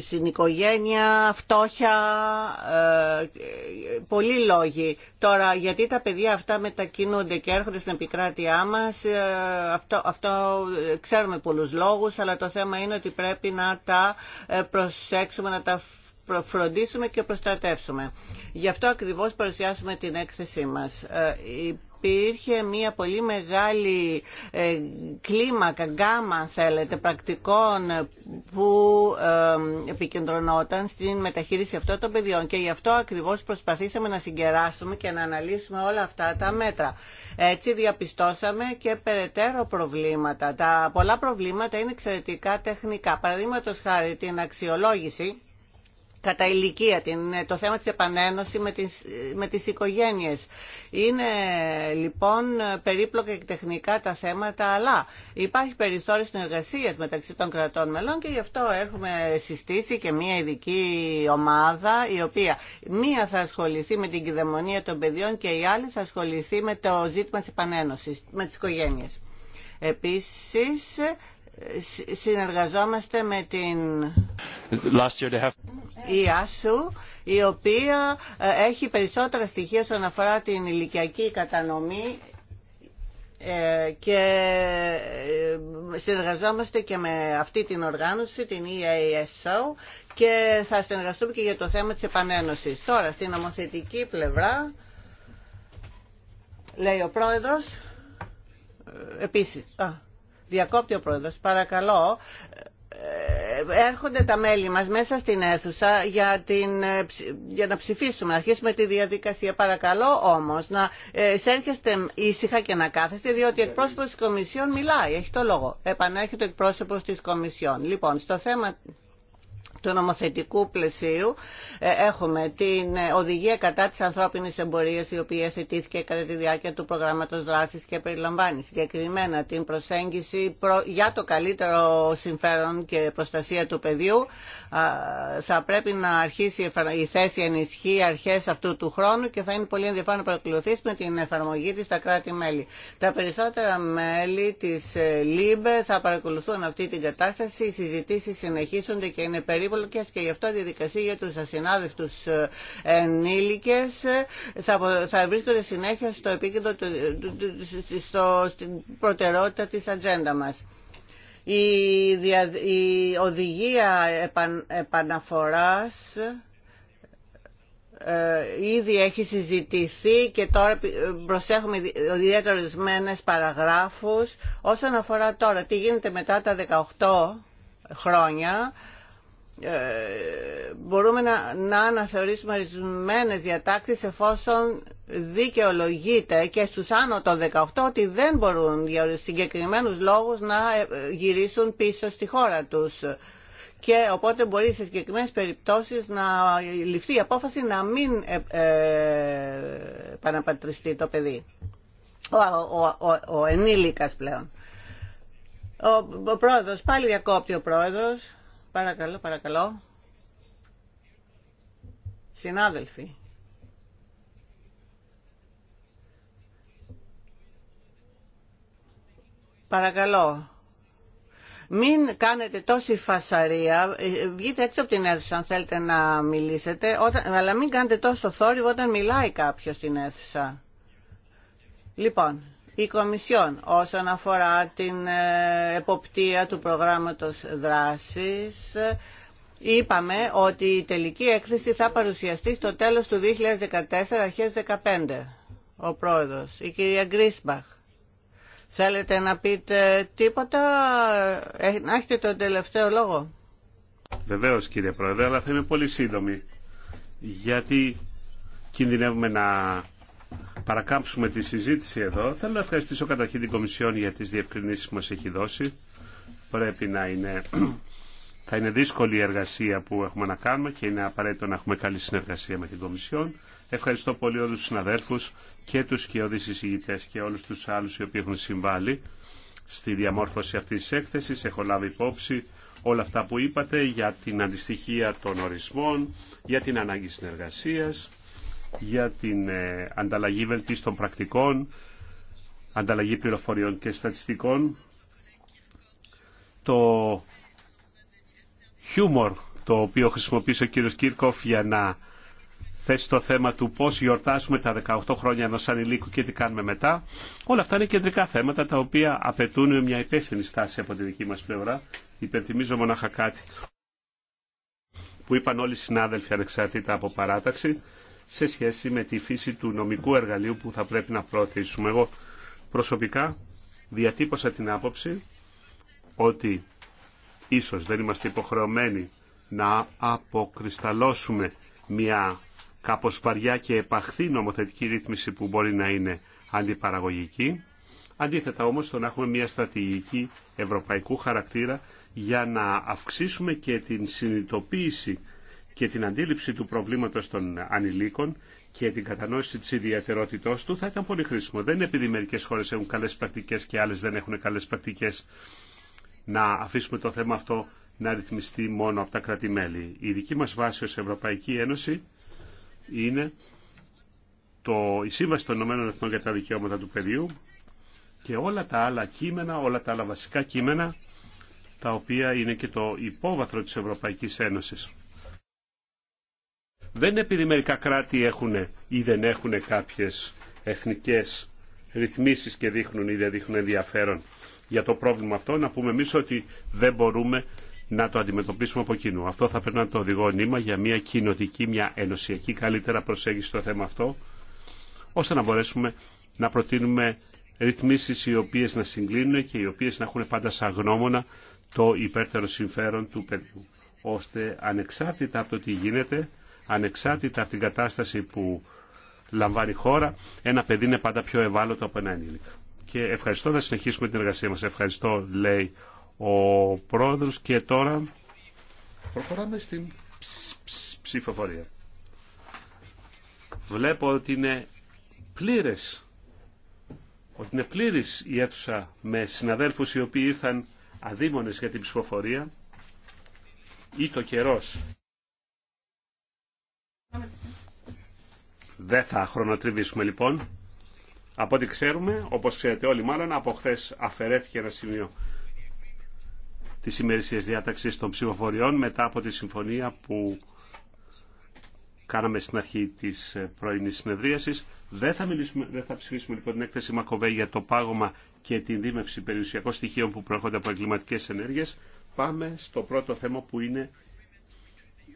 [SPEAKER 1] στην οικογένεια, φτώχεια, ε, πολλοί λόγοι. Τώρα, γιατί τα παιδιά αυτά μετακινούνται και έρχονται στην επικράτειά μας, αυτό, ξέρουμε πολλούς λόγους, αλλά το θέμα είναι ότι πρέπει να τα προσέξουμε, να τα φροντίσουμε και προστατεύσουμε. Γι' αυτό ακριβώς παρουσιάσουμε την έκθεσή μας. Ε, υπήρχε μια πολύ μεγάλη ε, κλίμακα, γκάμα αν θέλετε, πρακτικών που ε, επικεντρωνόταν στην μεταχείριση αυτών των παιδιών και γι' αυτό ακριβώς προσπαθήσαμε να συγκεράσουμε και να αναλύσουμε όλα αυτά τα μέτρα. Έτσι διαπιστώσαμε και περαιτέρω προβλήματα. Τα πολλά προβλήματα είναι εξαιρετικά τεχνικά. Παραδείγματο χάρη την αξιολόγηση κατά ηλικία, το θέμα της επανένωσης με τις, με τις οικογένειες. Είναι λοιπόν περίπλοκα και τεχνικά τα θέματα, αλλά υπάρχει περιθώριο συνεργασία μεταξύ των κρατών μελών και γι' αυτό έχουμε συστήσει και μία ειδική ομάδα, η οποία μία θα ασχοληθεί με την κυδαιμονία των παιδιών και η άλλη θα ασχοληθεί με το ζήτημα της επανένωσης, με τις οικογένειες. Επίσης, συνεργαζόμαστε με την Last η οποία ε, έχει περισσότερα στοιχεία όσον αφορά την ηλικιακή κατανομή ε, και ε, συνεργαζόμαστε και με αυτή την οργάνωση, την EASO και θα συνεργαστούμε και για το θέμα της επανένωσης. Τώρα, στην νομοθετική πλευρά, λέει ο πρόεδρος, επίσης, Διακόπτει ο πρόεδρος. Παρακαλώ, ε, έρχονται τα μέλη μας μέσα στην αίθουσα για, την, ε, για να ψηφίσουμε, να αρχίσουμε τη διαδικασία. Παρακαλώ όμως να εισέρχεστε ήσυχα και να κάθεστε, διότι εκπρόσωπος της Κομισιόν μιλάει, έχει το λόγο. Επανέρχεται ο εκπρόσωπος της Κομισιόν. Λοιπόν, στο θέμα του νομοθετικού πλαισίου ε, έχουμε την οδηγία κατά της ανθρώπινης εμπορίας η οποία θετήθηκε κατά τη διάρκεια του προγράμματος δράσης και περιλαμβάνει συγκεκριμένα την προσέγγιση για το καλύτερο συμφέρον και προστασία του παιδιού θα πρέπει να αρχίσει η θέση ενισχύ αρχές αυτού του χρόνου και θα είναι πολύ ενδιαφέρον να παρακολουθήσουμε την εφαρμογή της στα κράτη-μέλη. Τα περισσότερα μέλη της ε, ΛΥΜΠΕ θα παρακολουθούν αυτή την κατάσταση, οι συζητήσεις συνεχίζονται και είναι περίπου και γι' αυτό η διαδικασία για τους ασυνάδευτου ε, ενήλικε ε, θα, βρίσκονται συνέχεια στο επίκεντρο, στην προτεραιότητα τη ατζέντα μα. Η, οδηγία επαν, επαναφοράς ε, ήδη έχει συζητηθεί και τώρα προσέχουμε ιδιαίτερα ορισμένε παραγράφους. Όσον αφορά τώρα τι γίνεται μετά τα 18 χρόνια, ε, μπορούμε να, να αναθεωρήσουμε ορισμένε διατάξει εφόσον δικαιολογείται και στους άνω των 18 ότι δεν μπορούν για συγκεκριμένους λόγους να ε, γυρίσουν πίσω στη χώρα τους. Και οπότε μπορεί σε συγκεκριμένες περιπτώσεις να ληφθεί η απόφαση να μην ε, ε το παιδί. Ο, ο, ο, ενήλικας πλέον. Ο, ο πρόεδρος, πάλι διακόπτει ο πρόεδρος. Παρακαλώ, παρακαλώ. Συνάδελφοι. Παρακαλώ. Μην κάνετε τόση φασαρία. Ε, ε, βγείτε έξω από την αίθουσα αν θέλετε να μιλήσετε, όταν... αλλά μην κάνετε τόσο θόρυβο όταν μιλάει κάποιος στην αίθουσα. Λοιπόν, η Κομισιόν όσον αφορά την ε, εποπτεία του προγράμματος δράσης. Είπαμε ότι η τελική έκθεση θα παρουσιαστεί στο τέλος του 2014, αρχές 2015. Ο πρόεδρος, η κυρία Γκρίσμπαχ. Θέλετε να πείτε τίποτα, ε, να έχετε τον τελευταίο λόγο.
[SPEAKER 2] Βεβαίως κύριε πρόεδρε, αλλά θα είμαι πολύ σύντομη. Γιατί κινδυνεύουμε να παρακάμψουμε τη συζήτηση εδώ, θέλω να ευχαριστήσω καταρχήν την Κομισιόν για τις διευκρινήσεις που μας έχει δώσει. Πρέπει να είναι... Θα είναι δύσκολη η εργασία που έχουμε να κάνουμε και είναι απαραίτητο να έχουμε καλή συνεργασία με την Κομισιόν. Ευχαριστώ πολύ όλους τους συναδέλφους και τους σκιώδεις συζητητέ και όλους τους άλλους οι οποίοι έχουν συμβάλει στη διαμόρφωση αυτής της έκθεσης. Έχω λάβει υπόψη όλα αυτά που είπατε για την αντιστοιχία των ορισμών, για την ανάγκη συνεργασίας για την ε, ανταλλαγή βελτίστων πρακτικών, ανταλλαγή πληροφοριών και στατιστικών. Το χιούμορ το οποίο χρησιμοποίησε ο κύριος Κίρκοφ για να θέσει το θέμα του πώς γιορτάσουμε τα 18 χρόνια ενός ανηλίκου και τι κάνουμε μετά. Όλα αυτά είναι κεντρικά θέματα τα οποία απαιτούν μια υπεύθυνη στάση από τη δική μας πλευρά. Υπενθυμίζω μονάχα κάτι που είπαν όλοι οι συνάδελφοι ανεξάρτητα από παράταξη σε σχέση με τη φύση του νομικού εργαλείου που θα πρέπει να προωθήσουμε. Εγώ προσωπικά διατύπωσα την άποψη ότι ίσως δεν είμαστε υποχρεωμένοι να αποκρισταλώσουμε μια κάπως βαριά και επαχθή νομοθετική ρύθμιση που μπορεί να είναι αντιπαραγωγική. Αντίθετα όμως το να έχουμε μια στρατηγική ευρωπαϊκού χαρακτήρα για να αυξήσουμε και την συνειδητοποίηση και την αντίληψη του προβλήματος των ανηλίκων και την κατανόηση της ιδιαιτερότητός του θα ήταν πολύ χρήσιμο. Δεν είναι επειδή μερικές χώρες έχουν καλές πρακτικές και άλλες δεν έχουν καλές πρακτικές να αφήσουμε το θέμα αυτό να ρυθμιστεί μόνο από τα κράτη-μέλη. Η δική μας βάση ως Ευρωπαϊκή Ένωση είναι το, η Σύμβαση των Ηνωμένων Εθνών για τα Δικαιώματα του Παιδιού και όλα τα άλλα κείμενα, όλα τα άλλα βασικά κείμενα τα οποία είναι και το υπόβαθρο της Ευρωπαϊκής Ένωσης. Δεν είναι επειδή μερικά κράτη έχουν ή δεν έχουν κάποιες εθνικές ρυθμίσεις και δείχνουν ή δεν δείχνουν ενδιαφέρον για το πρόβλημα αυτό, να πούμε εμεί ότι δεν μπορούμε να το αντιμετωπίσουμε από κοινού. Αυτό θα πρέπει να το οδηγώ νήμα για μια κοινοτική, μια ενωσιακή καλύτερα προσέγγιση στο θέμα αυτό, ώστε να μπορέσουμε να προτείνουμε ρυθμίσεις οι οποίες να συγκλίνουν και οι οποίες να έχουν πάντα σαν γνώμονα το υπέρτερο συμφέρον του παιδιού, ώστε ανεξάρτητα από το τι γίνεται ανεξάρτητα από την κατάσταση που λαμβάνει η χώρα, ένα παιδί είναι πάντα πιο ευάλωτο από ένα ενήλικα. Και ευχαριστώ να συνεχίσουμε την εργασία μας. Ευχαριστώ, λέει ο πρόεδρος. Και τώρα προχωράμε στην ψηφοφορία. Βλέπω ότι είναι πλήρες, ότι είναι πλήρης η αίθουσα με συναδέλφους οι οποίοι ήρθαν αδίμονες για την ψηφοφορία ή το καιρός. Δεν θα χρονοτριβήσουμε λοιπόν. Από ό,τι ξέρουμε, όπως ξέρετε όλοι μάλλον, από χθε αφαιρέθηκε ένα σημείο της ημερησίας διάταξης των ψηφοφοριών μετά από τη συμφωνία που κάναμε στην αρχή της πρωινής συνεδρίασης. Δεν θα, μιλήσουμε, δεν θα ψηφίσουμε λοιπόν την έκθεση Μακοβέ για το πάγωμα και την δίμευση περιουσιακών στοιχείων που προέρχονται από εγκληματικές ενέργειες. Πάμε στο πρώτο θέμα που είναι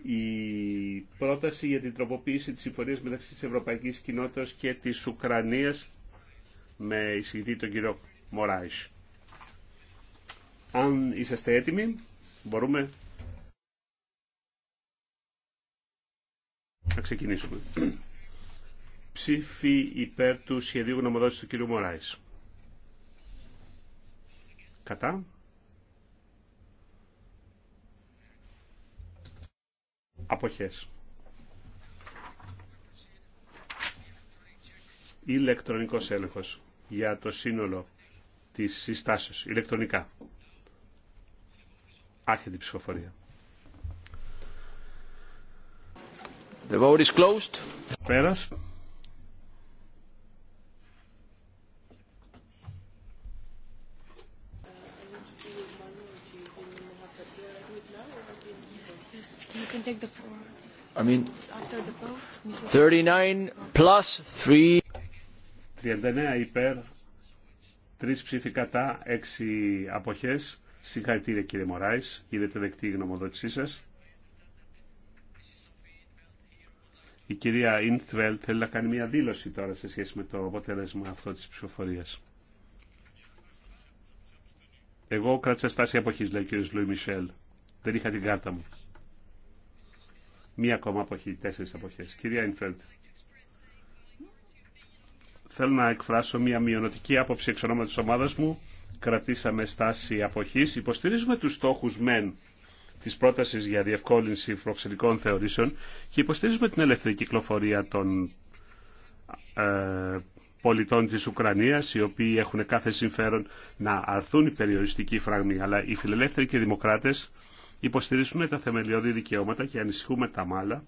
[SPEAKER 2] η πρόταση για την τροποποίηση της συμφωνίας μεταξύ της Ευρωπαϊκής Κοινότητας και της Ουκρανίας με εισηγητή τον κύριο Μωράης. Αν είσαστε έτοιμοι, μπορούμε να ξεκινήσουμε. Ψήφι υπέρ του σχεδίου γνωμοδότησης του κύριου Μωράης. Κατά. αποχές. Ηλεκτρονικός έλεγχος για το σύνολο της συστάσεως, ηλεκτρονικά. Άρχεται η ψηφοφορία. The vote is closed. Πέρας. 39 3. υπέρ, 3 ψήφοι κατά, 6 αποχές. Συγχαρητήρια κύριε Μωράης, γίνεται δεκτή η γνωμοδότησή σας. Η κυρία Ινθρελ θέλει να κάνει μια δήλωση τώρα σε σχέση με το αποτέλεσμα αυτό της ψηφοφορίας. Εγώ κράτησα στάση αποχής, λέει ο κύριος Λουί Μισελ. Δεν είχα την κάρτα μου. Μία ακόμα αποχή, τέσσερις αποχές. Κυρία Ινφέλτ, θέλω να εκφράσω μία μειονοτική άποψη εξ ονόματος ομάδας μου. Κρατήσαμε στάση αποχής. Υποστηρίζουμε τους στόχους μεν τη πρόταση για διευκόλυνση προξενικών θεωρήσεων και υποστηρίζουμε την ελεύθερη κυκλοφορία των ε, πολιτών της Ουκρανίας, οι οποίοι έχουν κάθε συμφέρον να αρθούν οι περιοριστικοί φραγμοί. Αλλά οι φιλελεύθεροι και οι δημοκράτες υποστηρίζουμε τα θεμελιώδη δικαιώματα και ανησυχούμε τα μάλα.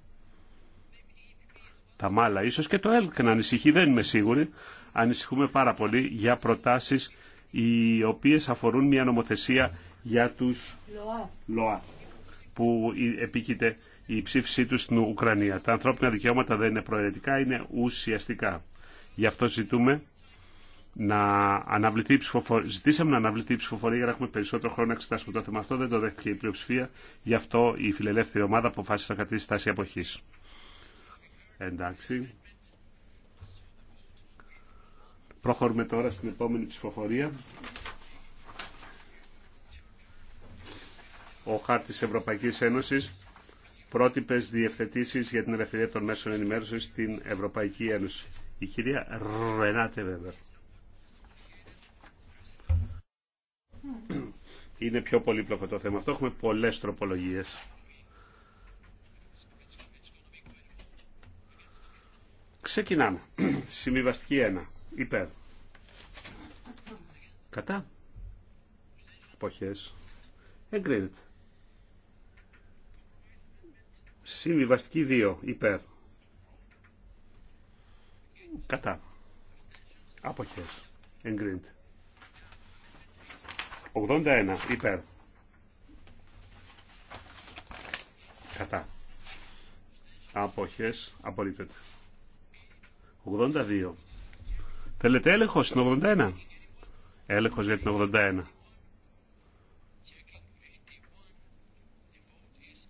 [SPEAKER 2] Τα μάλα, ίσως και το ΕΛΚ να ανησυχεί, δεν είμαι σίγουρη. Ανησυχούμε πάρα πολύ για προτάσεις οι οποίες αφορούν μια νομοθεσία για τους ΛΟΑ, ΛΟΑ που επίκειται η ψήφισή τους στην Ουκρανία. Τα ανθρώπινα δικαιώματα δεν είναι προαιρετικά, είναι ουσιαστικά. Γι' αυτό ζητούμε να αναβληθεί η ψηφοφορία. Ζητήσαμε να αναβληθεί η ψηφοφορία για να έχουμε περισσότερο χρόνο να εξετάσουμε το θέμα αυτό. Δεν το δέχτηκε η πλειοψηφία. Γι' αυτό η φιλελεύθερη ομάδα αποφάσισε να κρατήσει στάση αποχή. Εντάξει. Προχωρούμε τώρα στην επόμενη ψηφοφορία. Ο χάρτης Ευρωπαϊκή Ένωση πρότυπε διευθετήσει για την ελευθερία των μέσων ενημέρωση στην Ευρωπαϊκή Ένωση. Η κυρία Ρενάτε βέβαια. είναι πιο πολύπλοκο το θέμα αυτό. Έχουμε πολλές τροπολογίες. Ξεκινάμε. Συμβιβαστική 1. Υπέρ. Κατά. Αποχές. Εγκρίνεται. Συμβιβαστική 2. Υπέρ. Κατά. Αποχές. Εγκρίνεται. 81 υπέρ. Κατά. Αποχές απολύτω. 82. Θέλετε έλεγχο στην 81. έλεγχο για την 81.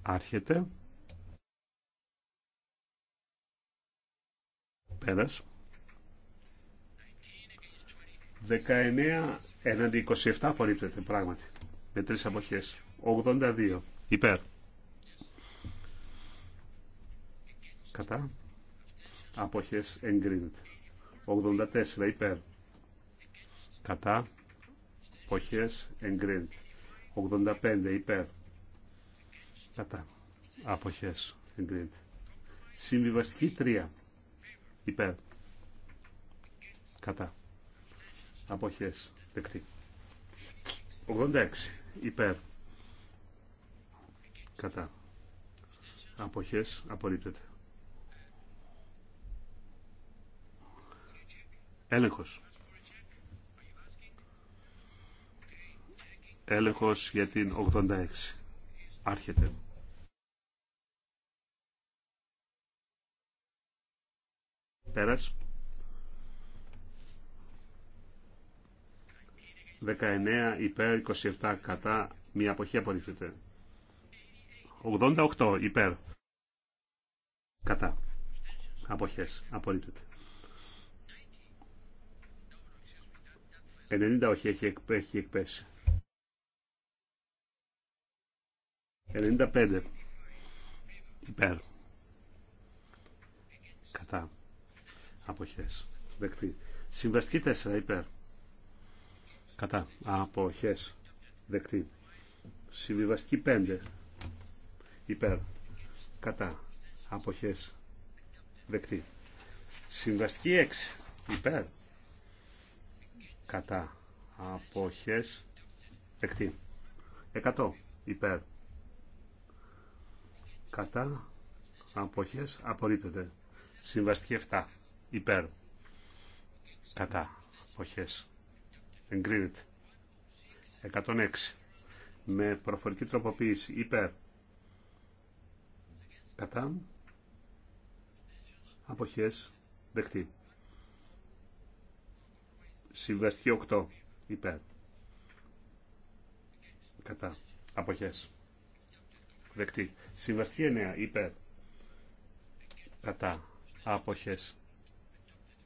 [SPEAKER 2] Άρχεται. Πέρας. 19 έναντι 27 απορρίπτεται πράγματι. Με τρεις αποχές. 82 υπέρ. Κατά. Αποχές εγκρίνεται. 84 υπέρ. Κατά. Αποχές εγκρίνεται. 85 υπέρ. Κατά. Αποχές εγκρίνεται. Συμβιβαστική 3 υπέρ. Κατά Αποχές. Δεκτή. 86. Υπέρ. Κατά. Αποχές. Απορρίπτεται. Έλεγχος. Έλεγχος για την 86. Άρχεται. Πέρας. 19 υπέρ, 27 κατά, μία αποχή απορρίφεται. 88 υπέρ, κατά, αποχές, απορρίπτεται. 90 όχι, έχει, έχει εκπέσει. 95 υπέρ, κατά, αποχές, δεκτή. Συμβαστική 4 υπέρ, κατά αποχές δεκτή συμβιβαστική 5 υπέρ κατά αποχές δεκτή συμβαστική 6 υπέρ κατά αποχές δεκτή Εκατό. υπέρ κατά αποχές απορρίπτεται συμβαστική 7 υπέρ κατά αποχές Εγκρίνεται. 106. Με προφορική τροποποίηση. Υπέρ. Κατά. Αποχές. Δεκτή. Συμβαστική 8. Υπέρ. Κατά. Αποχές. Δεκτή. Συμβαστική 9. Υπέρ. Κατά. Αποχές.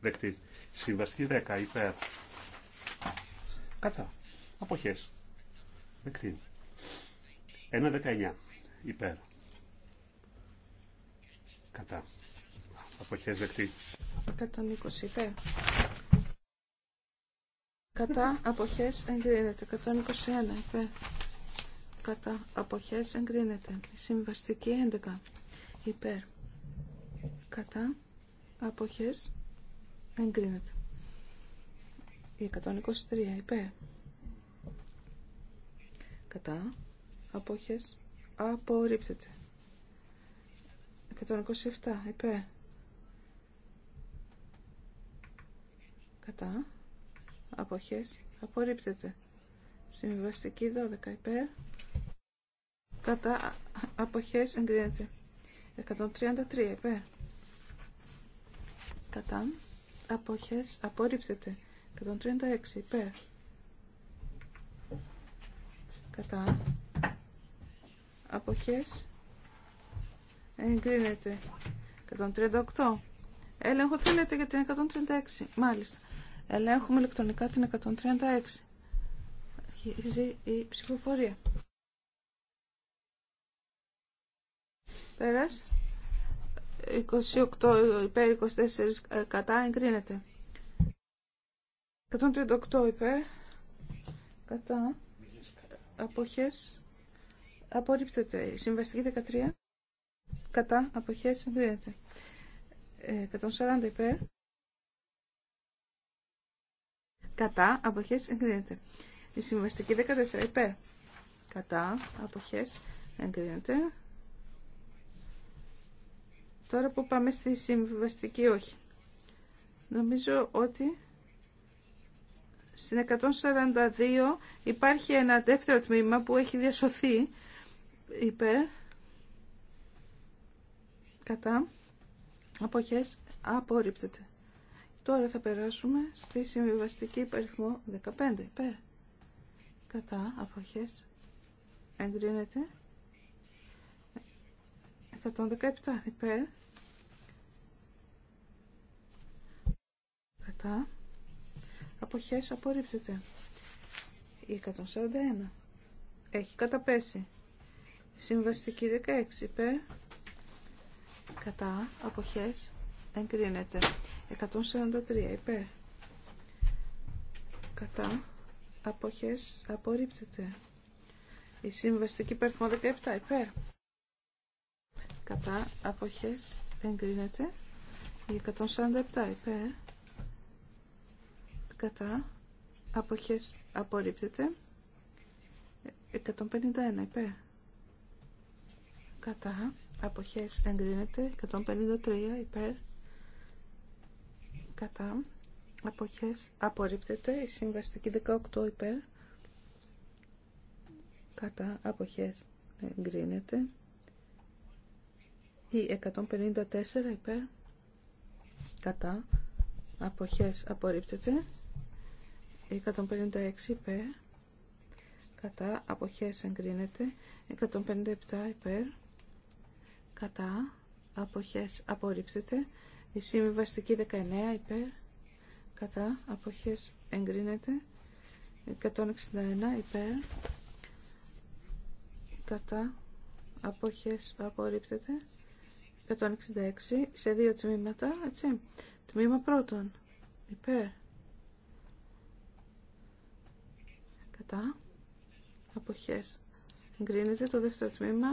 [SPEAKER 2] Δεκτή. Συμβαστή 10. Υπέρ. Κατά. Αποχές. Δεκτή. 1.19. Υπέρ. Κατά. Αποχές δεκτή.
[SPEAKER 3] 120 υπέρ. Κατά αποχές εγκρίνεται. 121 υπέρ. Κατά αποχές εγκρίνεται. Συμβαστική 11 υπέρ. Κατά αποχές εγκρίνεται. Η 123 υπέρ. Κατά. Απόχες. Απορρίπτεται. 127 υπέρ. Κατά. Απόχες. Απορρίπτεται. Συμβιβαστική 12 υπέρ. Κατά. Απόχες εγκρίνεται. 133 υπέρ. Κατά. Απόχες. Απορρίπτεται. 136 υπέρ. Κατά. Αποχές. Εγκρίνεται. 138. Έλεγχο θέλετε για την 136. Μάλιστα. Ελέγχουμε ηλεκτρονικά την 136. Αρχίζει η ψηφοφορία. Πέρας. 28 υπέρ 24 ε, κατά εγκρίνεται. 138 υπέρ κατά αποχές απορρίπτεται η συμβαστική 13 κατά αποχές εγκρίνεται 140 ε, υπέρ κατά αποχές εγκρίνεται η συμβαστική 14 υπέρ κατά αποχές εγκρίνεται τώρα που πάμε στη συμβαστική όχι νομίζω ότι στην 142 υπάρχει ένα δεύτερο τμήμα που έχει διασωθεί υπέρ κατά αποχές απορρίπτεται. Τώρα θα περάσουμε στη συμβιβαστική υπαριθμό 15 υπέρ κατά αποχές εγκρίνεται 117 υπέρ κατά αποχές απορρίπτεται. Η 141 έχει καταπέσει. Συμβαστική 16 υπέρ κατά αποχές εγκρίνεται. 143 υπέρ κατά αποχές απορρίπτεται. Η συμβαστική υπέρθμο 17 υπέρ κατά αποχές εγκρίνεται. Η 147 υπέρ κατά αποχές απορρίπτεται 151 υπέρ κατά αποχές εγκρίνεται 153 υπέρ κατά αποχές απορρίπτεται η συμβαστική 18 υπέρ κατά αποχές εγκρίνεται ή 154 υπέρ κατά αποχές απορρίπτεται 156 υπέρ κατά αποχές εγκρίνεται 157 υπέρ κατά αποχές απορρίπτεται η συμβιβαστική 19 υπέρ κατά αποχές εγκρίνεται 161 υπέρ κατά αποχές απορρίπτεται 166 σε δύο τμήματα έτσι τμήμα πρώτον υπέρ Τα Αποχές. Εγκρίνεται το δεύτερο τμήμα.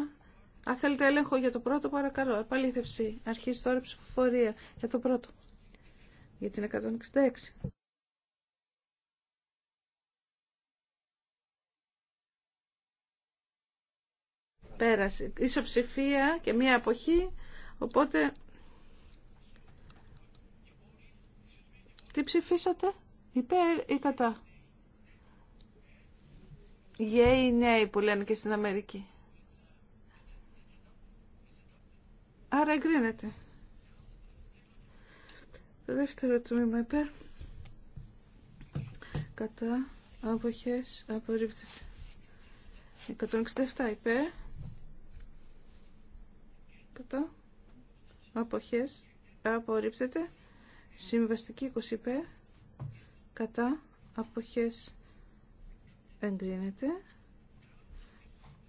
[SPEAKER 3] Αν θέλετε έλεγχο για το πρώτο, παρακαλώ. Επαλήθευση. Αρχίζει τώρα η ψηφοφορία για το πρώτο. Για την 166. Πέρασε. Ισοψηφία και μία αποχή. Οπότε... Τι ψηφίσατε? Υπέρ ή κατά. Γέοι νέοι που λένε και στην Αμερική. Άρα εγκρίνεται. Το δεύτερο τμήμα υπέρ. Κατά αποχές απορρίπτεται. 167 υπέρ. Κατά αποχές απορρίπτεται. Συμβαστική 20 υπέρ. Κατά αποχές εγκρίνεται.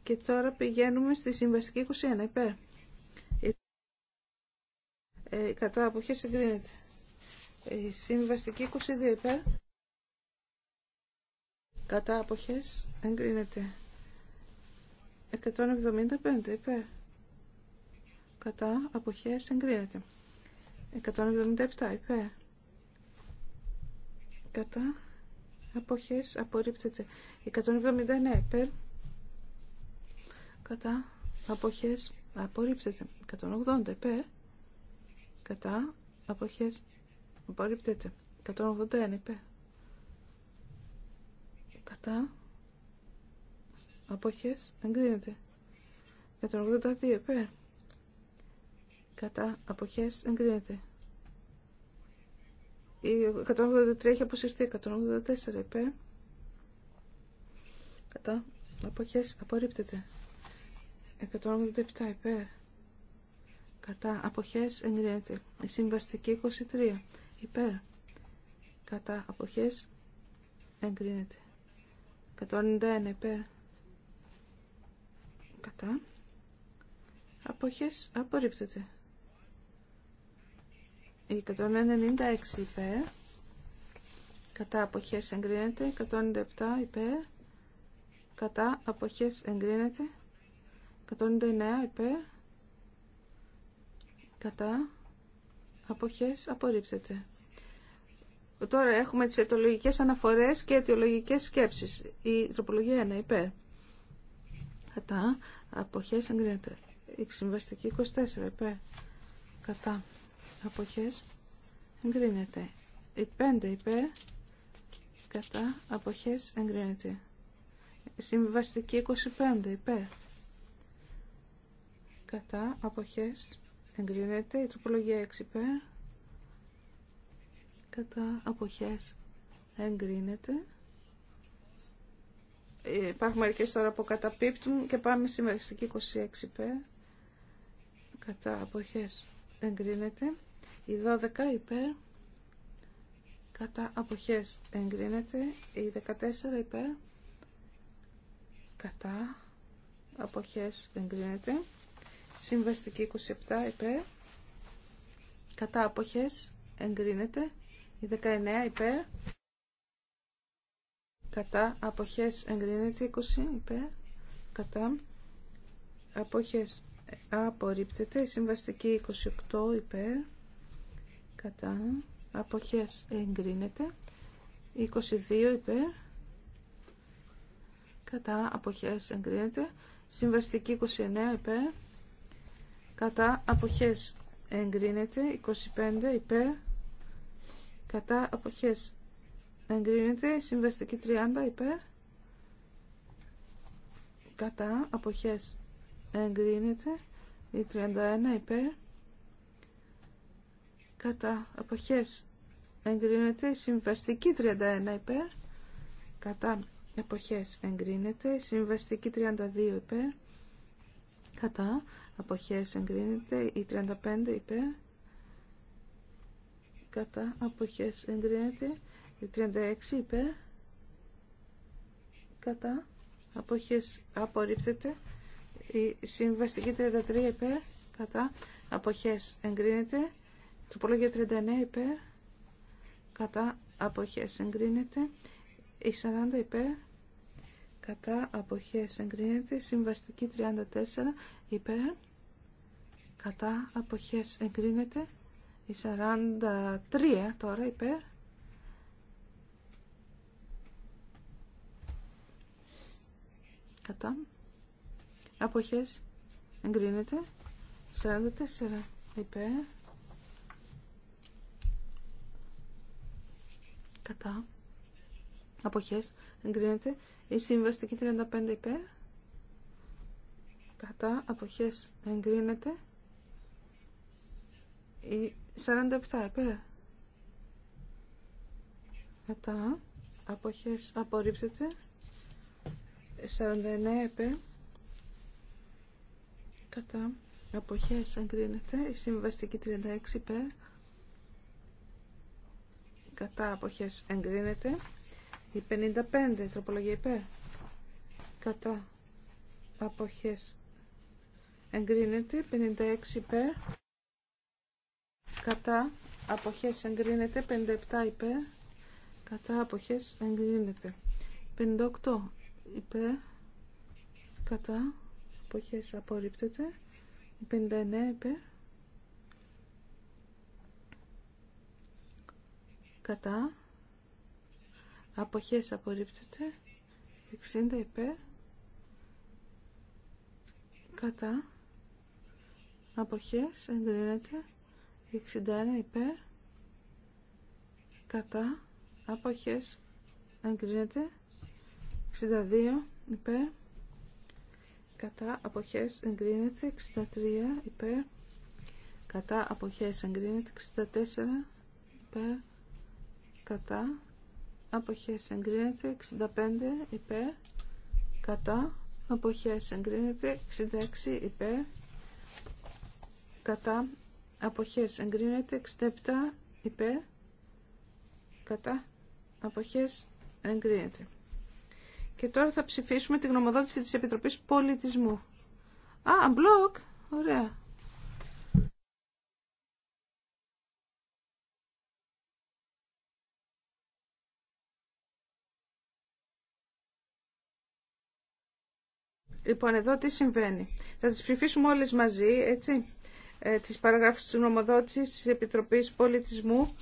[SPEAKER 3] Και τώρα πηγαίνουμε στη συμβαστική 21 υπέρ. Ε, κατά αποχές εγκρίνεται. Η ε, συμβαστική 22 υπέρ. Κατά αποχές εγκρίνεται. 175 υπέρ. Κατά αποχές εγκρίνεται. 177 υπέρ. Κατά Αποχές απορρίπτεται. 179 υπέρ. Κατά. Αποχές απορρίπτεται. 180 υπέρ. Κατά. Αποχές απορρίπτεται. 181 υπέρ. Κατά. Αποχές εγκρίνεται. 182 υπέρ. Κατά. Αποχές εγκρίνεται. Η 183 έχει αποσυρθεί. 184 υπέρ. Κατά. Αποχές. Απορρίπτεται. 187 υπέρ. Κατά. Αποχές. Εγκρίνεται. Η συμβαστική 23 υπέρ. Κατά. Αποχές. Εγκρίνεται. 191 υπέρ. Κατά. Αποχές. Απορρίπτεται. Η 196 υπέρ. Κατά αποχές εγκρίνεται. 197 υπέρ. Κατά αποχές εγκρίνεται. 199 υπέρ. Κατά αποχές απορρίψεται. Τώρα έχουμε τις αιτιολογικές αναφορές και αιτιολογικές σκέψεις. Η τροπολογία 1 υπέρ. Κατά αποχές εγκρίνεται. Η συμβαστική 24 υπέρ. Κατά αποχές εγκρίνεται. Η πέντε, υπέρ κατά αποχές εγκρίνεται. Η συμβιβαστική 25 υπέρ κατά αποχές εγκρίνεται. Η τροπολογία 6 υπέρ κατά αποχές εγκρίνεται. Ε, υπάρχουν μερικέ τώρα που καταπίπτουν και πάμε στη συμβιβαστική 26 26π, κατά αποχές εγκρίνεται. Η 12 υπέρ κατά αποχές εγκρίνεται. Η 14 υπέρ κατά αποχές εγκρίνεται. Συμβαστική 27 υπέρ κατά αποχές εγκρίνεται. Η 19 υπέρ κατά αποχές εγκρίνεται. 20 υπέρ κατά αποχές απορρίπτεται. Η συμβαστική 28 υπέρ κατά αποχές εγκρίνεται 22 υπέρ κατά αποχές εγκρίνεται συμβαστική 29 υπέρ κατά αποχές εγκρίνεται 25 υπέρ κατά αποχές εγκρίνεται συμβαστική 30 υπέρ κατά αποχές εγκρίνεται η 31 υπέρ κατά αποχές εγκρίνεται. Συμβαστική 31 υπέρ κατά εποχές εγκρίνεται. Συμβαστική 32 υπέρ κατά αποχές εγκρίνεται. Η 35 υπέρ κατά αποχές εγκρίνεται. Η 36 υπέρ κατά αποχές απορρίπτεται. Η συμβαστική 33 υπέρ κατά αποχές εγκρίνεται. Τροπολογία 39 υπέρ. Κατά αποχές εγκρίνεται. Η 40 υπέρ. Κατά αποχές εγκρίνεται. Συμβαστική 34 υπέρ. Κατά αποχές εγκρίνεται. Η 43 τώρα υπέρ. Κατά. Αποχές εγκρίνεται. 44 υπέρ. κατά αποχές εγκρίνεται η συμβαστική 35 υπέρ κατά αποχές εγκρίνεται η 47 υπέρ κατά αποχές απορρίψεται 49 υπέρ κατά αποχές εγκρίνεται η συμβαστική 36 υπέρ κατά αποχές εγκρίνεται η 55 τροπολογία υπέρ κατά αποχές εγκρίνεται 56 υπέρ κατά αποχές εγκρίνεται 57 υπέρ κατά αποχές εγκρίνεται 58 υπέρ κατά αποχές απορρίπτεται 59 υπέρ κατά αποχές απορρίπτεται 60 υπέρ κατά αποχές εγκρίνεται 61 υπέρ κατά αποχές εγκρίνεται 62 υπέρ κατά αποχές εγκρίνεται 63 υπέρ κατά αποχές εγκρίνεται 64 υπέρ κατά αποχές εγκρίνεται 65 υπέρ κατά αποχές εγκρίνεται 66 υπέρ κατά αποχές εγκρίνεται 67 υπέρ κατά αποχές εγκρίνεται και τώρα θα ψηφίσουμε τη γνωμοδότηση της Επιτροπής Πολιτισμού Α, μπλοκ, ωραία Λοιπόν, εδώ τι συμβαίνει. Θα τις ψηφίσουμε όλες μαζί, έτσι, ε, τις παραγράφους της νομοδότησης της Επιτροπής Πολιτισμού,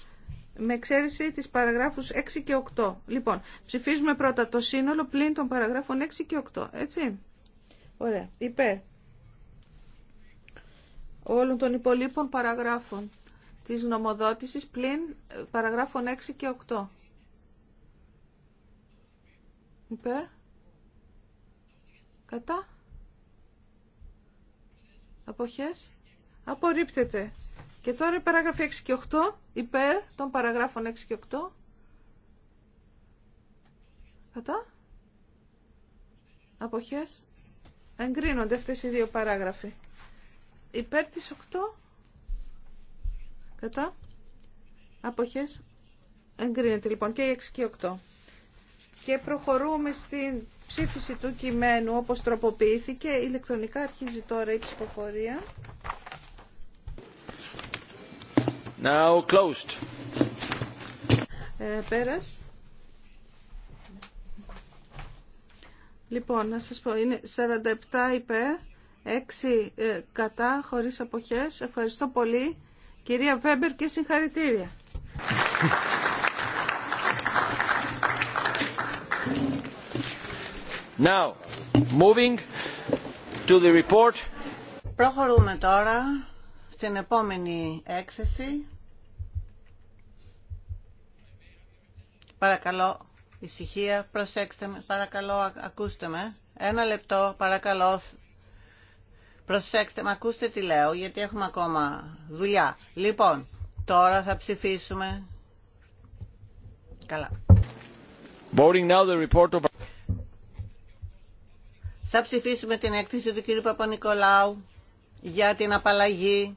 [SPEAKER 3] με εξαίρεση τις παραγράφους 6 και 8. Λοιπόν, ψηφίζουμε πρώτα το σύνολο πλην των παραγράφων 6 και 8, έτσι. Ωραία. Υπέρ όλων των υπολείπων παραγράφων της νομοδότησης πλην ε, παραγράφων 6 και 8. Υπέρ. Κατά. Αποχές. Απορρίπτεται. Και τώρα η παράγραφη 6 και 8, υπέρ των παραγράφων 6 και 8. Κατά. Αποχές. Εγκρίνονται αυτές οι δύο παράγραφοι. Υπέρ της 8. Κατά. Αποχές. Εγκρίνεται λοιπόν και η 6 και 8. Και προχωρούμε στην ψήφιση του κειμένου όπως τροποποιήθηκε. Ηλεκτρονικά αρχίζει τώρα η ψηφοφορία.
[SPEAKER 2] Now closed.
[SPEAKER 3] Ε, πέρας. Λοιπόν, να σας πω, είναι 47 υπέρ, 6 ε, κατά, χωρίς αποχές. Ευχαριστώ πολύ. Κυρία Βέμπερ και συγχαρητήρια.
[SPEAKER 1] Προχωρούμε τώρα στην επόμενη έκθεση. Παρακαλώ, ησυχία, προσέξτε με, παρακαλώ, ακούστε με. Ένα λεπτό, παρακαλώ, προσέξτε με, ακούστε τι λέω, γιατί έχουμε ακόμα δουλειά. Λοιπόν, τώρα θα ψηφίσουμε. Καλά. Voting now the report of... Θα ψηφίσουμε την έκθεση του κ. Παπα-Νικολάου για την απαλλαγή.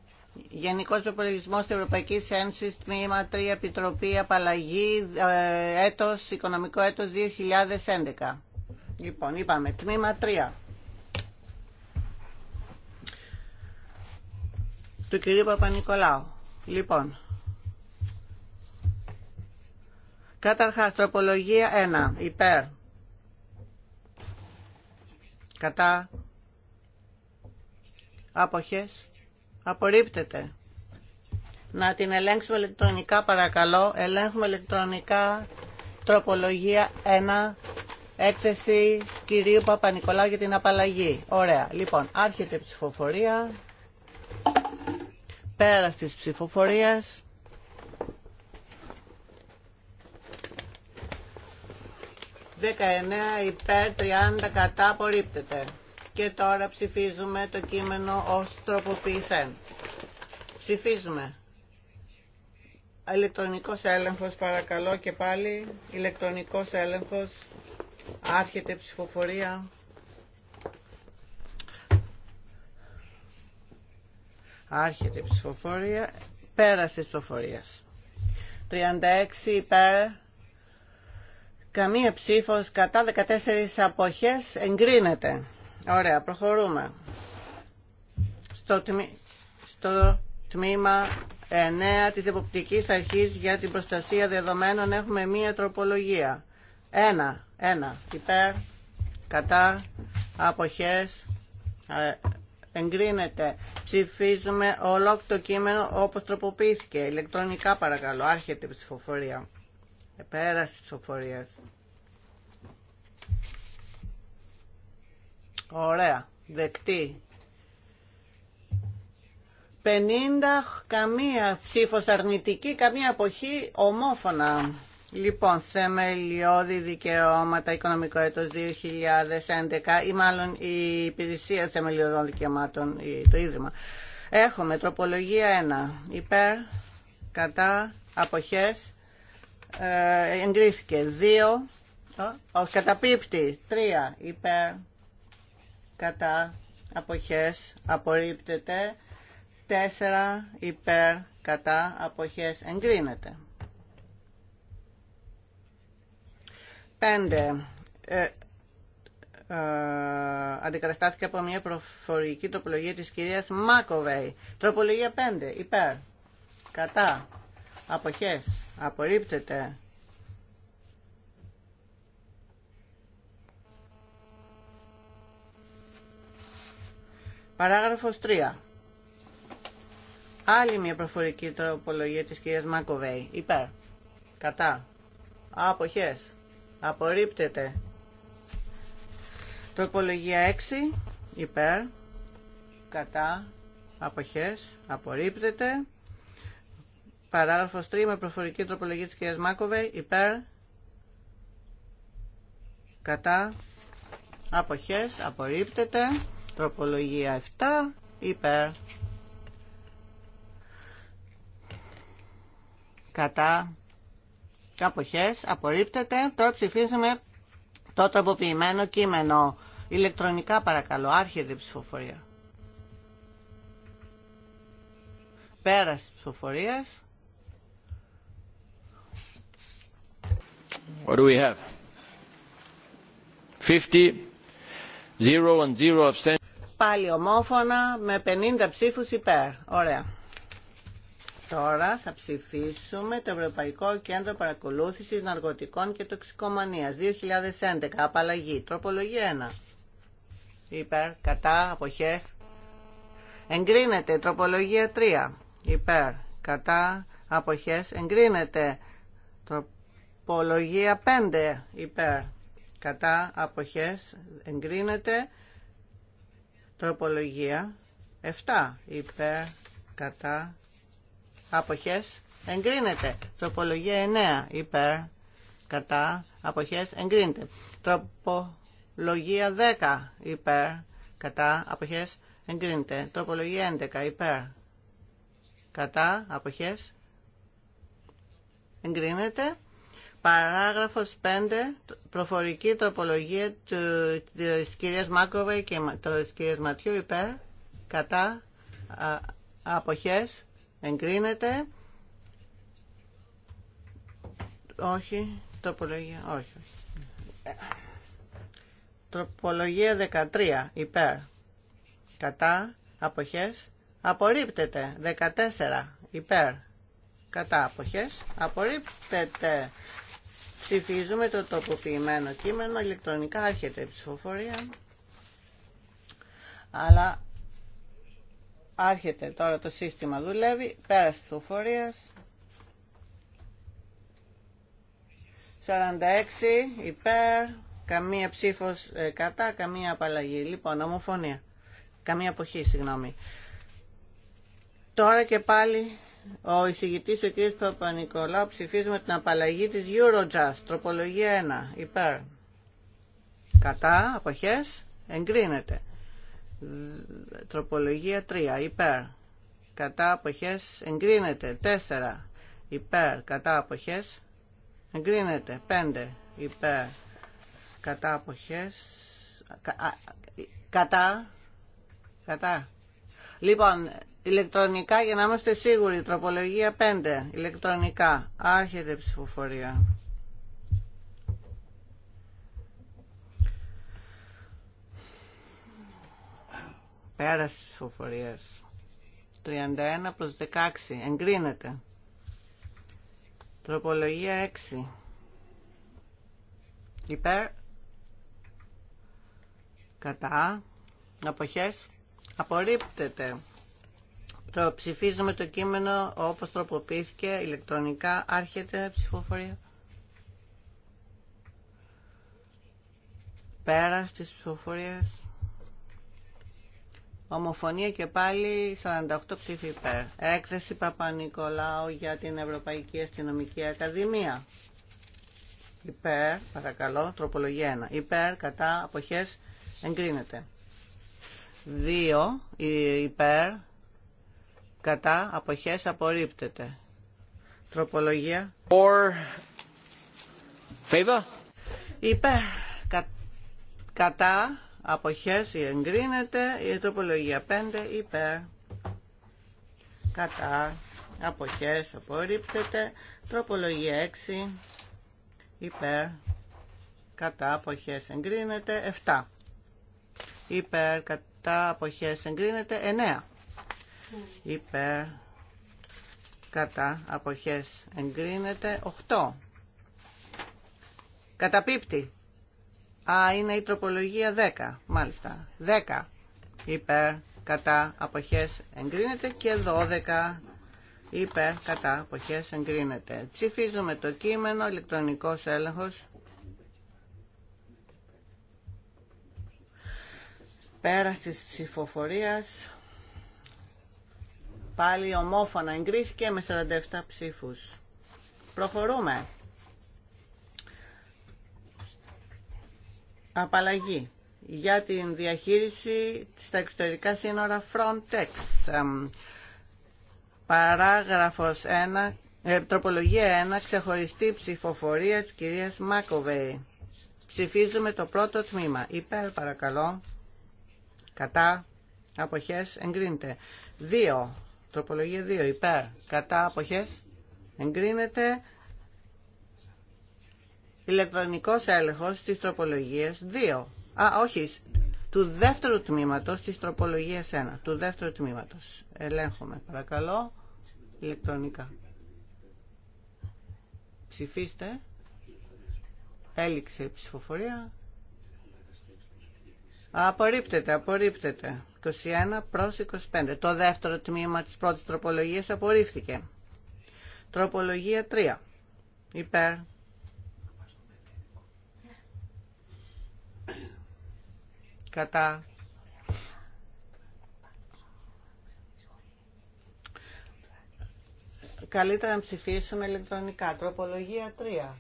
[SPEAKER 1] Γενικός προπολογισμό τη Ευρωπαϊκής Ένωση. τμήμα 3, Επιτροπή, Απαλλαγή, ε, έτος, οικονομικό έτος 2011. Λοιπόν, είπαμε, τμήμα 3. Του κυρίου Παπα-Νικολάου. Λοιπόν, καταρχάς, τροπολογία 1, υπέρ κατά αποχές απορρίπτεται. Να την ελέγξουμε ηλεκτρονικά παρακαλώ. Ελέγχουμε ηλεκτρονικά τροπολογία 1 έκθεση κυρίου για την απαλλαγή. Ωραία. Λοιπόν, άρχεται η ψηφοφορία. πέρα της ψηφοφορίας 19 υπέρ 30 κατά απορρίπτεται. Και τώρα ψηφίζουμε το κείμενο ως τροποποιηθέν. Ψηφίζουμε. Ηλεκτρονικός έλεγχος παρακαλώ και πάλι. Ηλεκτρονικός έλεγχος. Άρχεται ψηφοφορία. Άρχεται ψηφοφορία. Πέρασε ψηφοφορίας. 36 υπέρ Καμία ψήφος κατά 14 αποχές εγκρίνεται. Ωραία, προχωρούμε. Στο, τμήμα 9 της Εποπτικής Αρχής για την Προστασία Δεδομένων έχουμε μία τροπολογία. Ένα, ένα, υπέρ, κατά, αποχές, ε, εγκρίνεται. Ψηφίζουμε ολόκληρο το κείμενο όπως τροποποιήθηκε. Ηλεκτρονικά παρακαλώ, άρχεται η ψηφοφορία. Πέραση ψηφοφορία. Ωραία. Δεκτή. 50 καμία ψήφος αρνητική, καμία αποχή ομόφωνα. Λοιπόν, σε μελιώδη δικαιώματα, οικονομικό έτος 2011 ή μάλλον η υπηρεσία σε μελιωδών δικαιωμάτων, το Ίδρυμα. Έχουμε τροπολογία 1. Υπέρ, κατά, αποχές, ε, εγκρίθηκε. 2 όχι καταπίπτη 3 υπέρ κατά αποχές απορρίπτεται. 4 υπέρ κατά αποχές εγκρίνεται. 5 ε, ε, αντικαταστάθηκε από μια προφορική τοπολογία της κυρίας Μάκοβεϊ. Τροπολογία 5. Υπέρ. Κατά. Αποχές. Απορρίπτεται. Παράγραφος 3. Άλλη μια προφορική τροπολογία της κυρίας Μάκοβέη. Υπέρ. Κατά. Αποχές. Απορρίπτεται. Τροπολογία 6. Υπέρ. Κατά. Αποχές. Απορρίπτεται. Παράγραφο 3 με προφορική τροπολογία τη κυρία Μάκοβε, υπέρ, κατά, αποχέ, απορρίπτεται, τροπολογία 7, υπέρ, κατά, αποχέ, απορρίπτεται, τώρα ψηφίζουμε το τροποποιημένο κείμενο. Ηλεκτρονικά παρακαλώ, άρχεται η ψηφοφορία. Πέραση ψηφοφορίας. What do we have? Πάλι ομόφωνα με 50 ψήφους υπέρ. Ωραία. Τώρα θα ψηφίσουμε το Ευρωπαϊκό Κέντρο Παρακολούθησης Ναρκωτικών και Τοξικομανίας 2011. Απαλλαγή. Τροπολογία 1. Υπέρ. Κατά. αποχέ. Εγκρίνεται. Τροπολογία 3. Υπέρ. Κατά. Αποχές. Εγκρίνεται. Τροπολογία Τροπολογία 5 υπέρ κατά αποχές εγκρίνεται. Τροπολογία 7 υπέρ κατά αποχές εγκρίνεται. Τροπολογία 9 υπέρ κατά αποχές εγκρίνεται. Τροπολογία 10 υπέρ κατά αποχές εγκρίνεται. Τροπολογία 11 υπέρ κατά αποχές εγκρίνεται. Παράγραφος 5, προφορική τροπολογία του, της κυρίας Μάκοβε και της κυρίας Ματιού υπέρ, κατά, αποχές, εγκρίνεται. Όχι, τροπολογία, όχι. Τροπολογία 13, υπέρ, κατά, αποχές, απορρίπτεται. 14, υπέρ, κατά, αποχές, απορρίπτεται. Ψηφίζουμε το τοποποιημένο κείμενο, ηλεκτρονικά άρχεται η ψηφοφορία. Αλλά άρχεται τώρα το σύστημα δουλεύει, πέρας ψηφοφορία. 46 υπέρ, καμία ψήφος ε, κατά, καμία απαλλαγή. Λοιπόν, ομοφωνία. Καμία αποχή, συγγνώμη. Τώρα και πάλι ο εισηγητή ο κ. Παπα-Νικολάου ψηφίζουμε την απαλλαγή τη Eurojust, τροπολογία 1, υπέρ. Κατά, Αποχέ. εγκρίνεται. Τροπολογία 3, υπέρ. Κατά, Αποχέ. εγκρίνεται. 4, υπέρ. Κατά, Αποχέ. εγκρίνεται. 5, υπέρ. Κατά, αποχές, κατά, κατά. Λοιπόν, Ηλεκτρονικά για να είμαστε σίγουροι. Τροπολογία 5. Ηλεκτρονικά. Άρχεται η ψηφοφορία. Πέραση της ψηφοφορίας. 31 προς 16. Εγκρίνεται. Τροπολογία 6. Υπέρ. Κατά. Αποχές. Απορρίπτεται. Το ψηφίζουμε το κείμενο όπως τροποποιήθηκε ηλεκτρονικά. Άρχεται ψηφοφορία. Πέρα της ψηφοφορίας. Ομοφωνία και πάλι 48 ψήφοι υπέρ. Έκθεση Παπα-Νικολάου για την Ευρωπαϊκή Αστυνομική Ακαδημία. Υπέρ, παρακαλώ, τροπολογία 1. Υπέρ, κατά, αποχές, εγκρίνεται. 2. Υπέρ, κατά αποχές απορρίπτεται. Τροπολογία. Or favor. Υπέρ κα, κατά αποχές εγκρίνεται η τροπολογία 5 υπέρ κατά αποχές απορρίπτεται τροπολογία 6 υπέρ κατά αποχές εγκρίνεται 7 υπέρ κατά αποχές εγκρίνεται 9 υπέρ κατά αποχές εγκρίνεται 8 καταπίπτει α είναι η τροπολογία 10 μάλιστα 10 υπέρ κατά αποχές εγκρίνεται και 12 υπέρ κατά αποχές εγκρίνεται ψηφίζουμε το κείμενο ηλεκτρονικός έλεγχος πέρα της ψηφοφορίας πάλι ομόφωνα εγκρίθηκε με 47 ψήφους. Προχωρούμε. Απαλλαγή για την διαχείριση στα εξωτερικά σύνορα Frontex. Παράγραφος 1, ε, τροπολογία 1, ξεχωριστή ψηφοφορία της κυρίας Μάκοβεϊ. Ψηφίζουμε το πρώτο τμήμα. Υπέρ παρακαλώ. Κατά. Αποχές εγκρίνεται. 2. Τροπολογία 2. Υπέρ. Κατά αποχές. Εγκρίνεται ηλεκτρονικός έλεγχος της τροπολογίας 2. Α, όχι. Του δεύτερου τμήματος της τροπολογίας 1. Του δεύτερου τμήματος. Ελέγχουμε. Παρακαλώ. Ηλεκτρονικά. Ψηφίστε. Έληξε η ψηφοφορία. Απορρίπτεται, απορρίπτεται. 21 προς 25. Το δεύτερο τμήμα της πρώτης τροπολογίας απορρίφθηκε. Τροπολογία 3. Υπέρ. Κατά. Καλύτερα να ψηφίσουμε ηλεκτρονικά. Τροπολογία 3.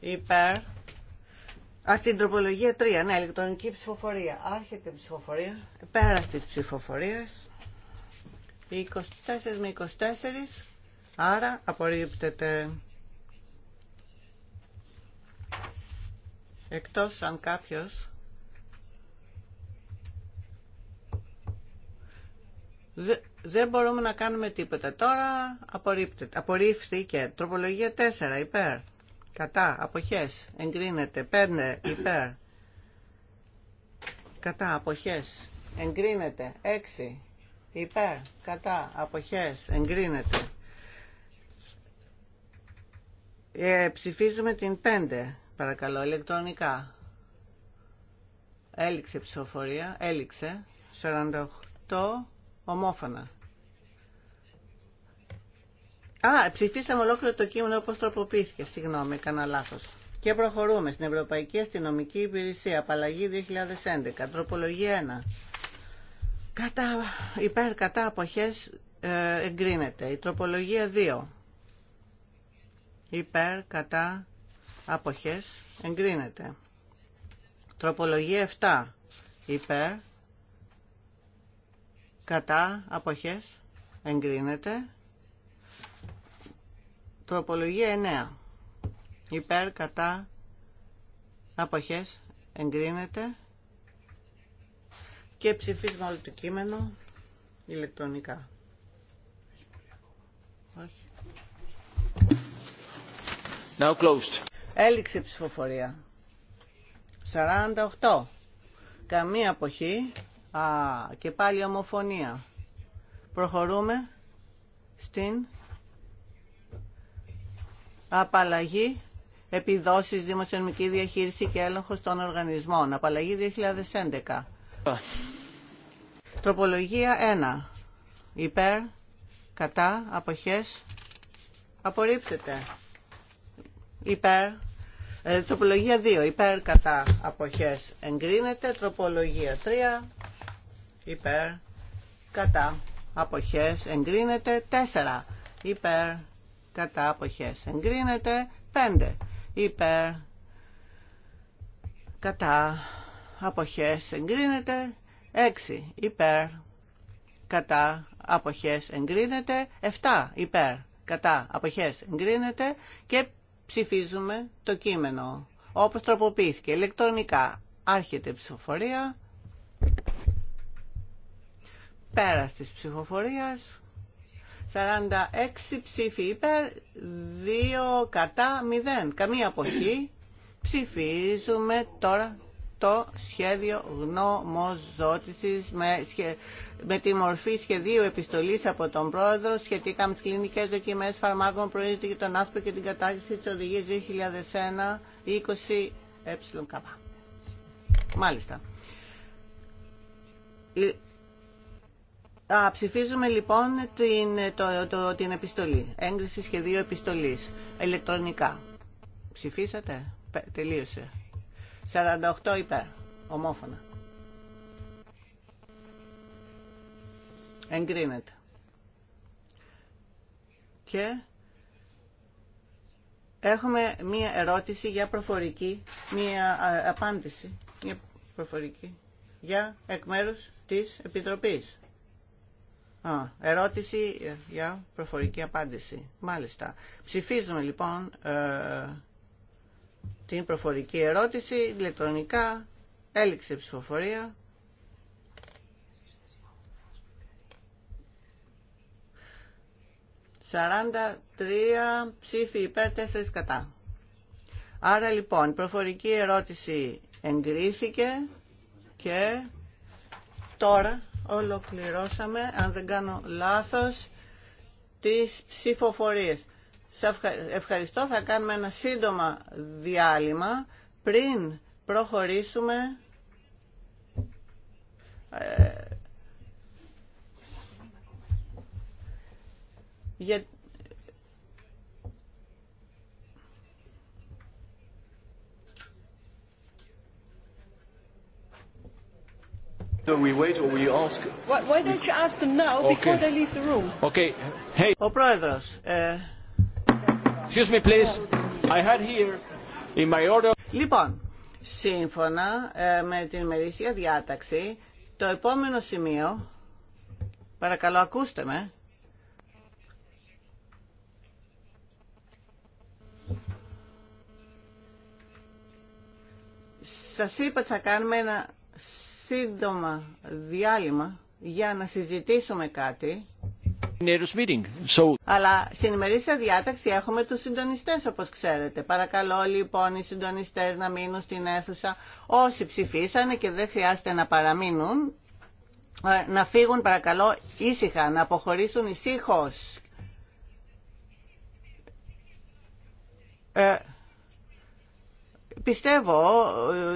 [SPEAKER 1] Υπέρ. Αυτή την τροπολογία 3, ναι, ηλεκτρονική ψηφοφορία. Άρχεται η ψηφοφορία, πέρα τη ψηφοφορία. 24 με 24, άρα απορρίπτεται. Εκτός αν κάποιος δεν μπορούμε να κάνουμε τίποτα. Τώρα απορρίφθηκε. Τροπολογία 4, υπέρ κατά, αποχές, εγκρίνεται, 5 υπέρ, κατά, αποχές, εγκρίνεται, 6 υπέρ, κατά, αποχές, εγκρίνεται. Ε, ψηφίζουμε την 5, παρακαλώ, ηλεκτρονικά. Έληξε ψηφοφορία, έληξε, 48, ομόφωνα. Α, ψηφίσαμε ολόκληρο το κείμενο όπω τροποποιήθηκε. Συγγνώμη, έκανα λάθο. Και προχωρούμε στην Ευρωπαϊκή Αστυνομική Υπηρεσία, απαλλαγή 2011, τροπολογία 1. Κατά, ε, υπέρ κατά αποχές εγκρίνεται. τροπολογία 2. Υπέρ κατά αποχές εγκρίνεται. Τροπολογία 7. Υπέρ κατά αποχές εγκρίνεται. Τροπολογία 9. Υπέρ, κατά, αποχές, εγκρίνεται. Και ψηφίζουμε όλο το κείμενο ηλεκτρονικά.
[SPEAKER 2] Now closed.
[SPEAKER 1] Έληξε ψηφοφορία. 48. Καμία αποχή. Α, και πάλι ομοφωνία. Προχωρούμε στην Απαλλαγή, επιδόσεις, δημοσιονομική διαχείριση και έλεγχος των οργανισμών. Απαλλαγή 2011. Τροπολογία 1. Υπέρ, κατά, αποχές, απορρίπτεται. Υπέρ, ε, τροπολογία 2. Υπέρ, κατά, αποχές, εγκρίνεται. Τροπολογία 3. Υπέρ, κατά, αποχές, εγκρίνεται. 4. Υπέρ, κατά αποχές εγκρίνεται 5 υπέρ κατά αποχές εγκρίνεται 6 υπέρ κατά αποχές εγκρίνεται 7 υπέρ κατά αποχές εγκρίνεται και ψηφίζουμε το κείμενο όπως τροποποιήθηκε ηλεκτρονικά άρχεται η ψηφοφορία πέρας της ψηφοφορίας 46 ψήφοι υπέρ, 2 κατά, 0. Καμία αποχή. Ψηφίζουμε τώρα το σχέδιο γνωμοζώτησης με, σχε... με τη μορφή σχεδίου επιστολής από τον πρόεδρο σχετικά με τις κλινικές δοκιμές φαρμάκων προϊόντα για τον άσπρο και την κατάργηση της οδηγίας 2001-20 ΕΚ. Μάλιστα. Α, ψηφίζουμε λοιπόν την, το, την επιστολή. Έγκριση σχεδίου επιστολής. Ηλεκτρονικά. Ψηφίσατε. Τελείωσε. 48 υπέρ. Ομόφωνα. Εγκρίνεται. Και έχουμε μία ερώτηση για προφορική, μία απάντηση, μία προφορική, για εκ μέρους της Επιτροπής. Α, ερώτηση ε, για προφορική απάντηση. Μάλιστα. Ψηφίζουμε λοιπόν ε, την προφορική ερώτηση ηλεκτρονικά. Έληξε ψηφοφορία. Σαράντα τρία ψήφοι υπέρ τέσσερις κατά. Άρα λοιπόν η προφορική ερώτηση εγκρίθηκε και τώρα ολοκληρώσαμε, αν δεν κάνω λάθος, τις ψηφοφορίες. Σε ευχαριστώ, θα κάνουμε ένα σύντομα διάλειμμα πριν προχωρήσουμε ε, για
[SPEAKER 3] So we wait or we ask. Why don't you ask them now before they leave the room? Okay.
[SPEAKER 1] Hey. Oh, brother. Uh, excuse me, please. I had here in my order. Λοιπόν, Σύμφωνα ε, με την μερίσια διάταξη, το επόμενο σημείο, παρακαλώ ακούστε με. Σας είπα ότι θα κάνουμε ένα σύντομα διάλειμμα για να συζητήσουμε κάτι. So... Αλλά στην ημερήσια διάταξη έχουμε τους συντονιστές όπως ξέρετε. Παρακαλώ λοιπόν οι συντονιστές να μείνουν στην αίθουσα. Όσοι ψηφίσανε και δεν χρειάζεται να παραμείνουν, ε, να φύγουν παρακαλώ ήσυχα, να αποχωρήσουν ησύχως. Ε... Πιστεύω,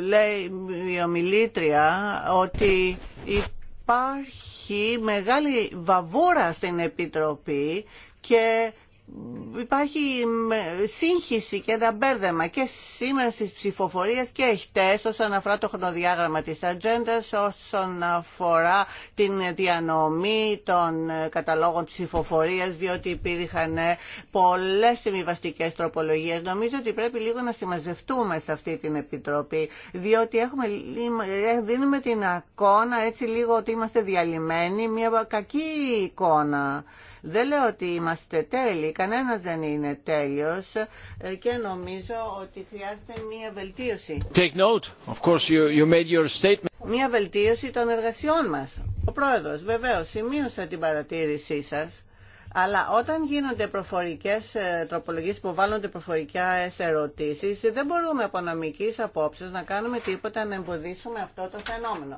[SPEAKER 1] λέει η ομιλήτρια, ότι υπάρχει μεγάλη βαβούρα στην Επιτροπή και υπάρχει σύγχυση και ένα μπέρδεμα και σήμερα στις ψηφοφορίες και χτες όσον αφορά το χρονοδιάγραμμα της ατζέντα, όσον αφορά την διανομή των καταλόγων ψηφοφορίας διότι υπήρχαν ε, πολλές συμβιβαστικέ τροπολογίες. Νομίζω ότι πρέπει λίγο να συμμαζευτούμε σε αυτή την Επιτροπή διότι έχουμε, ε, δίνουμε την ακόνα έτσι λίγο ότι είμαστε διαλυμένοι, μια κακή εικόνα. Δεν λέω ότι είμαστε τέλειοι, κανένας δεν είναι τέλειος ε, και νομίζω ότι χρειάζεται μία βελτίωση. Take
[SPEAKER 2] note. Of course you, you made your statement.
[SPEAKER 1] Μία βελτίωση των εργασιών μας. Ο πρόεδρος βεβαίως σημείωσε την παρατήρησή σας. Αλλά όταν γίνονται προφορικέ ε, τροπολογίε που βάλλονται προφορικά ερωτήσει, δεν μπορούμε από νομική απόψεω να κάνουμε τίποτα να εμποδίσουμε αυτό το φαινόμενο.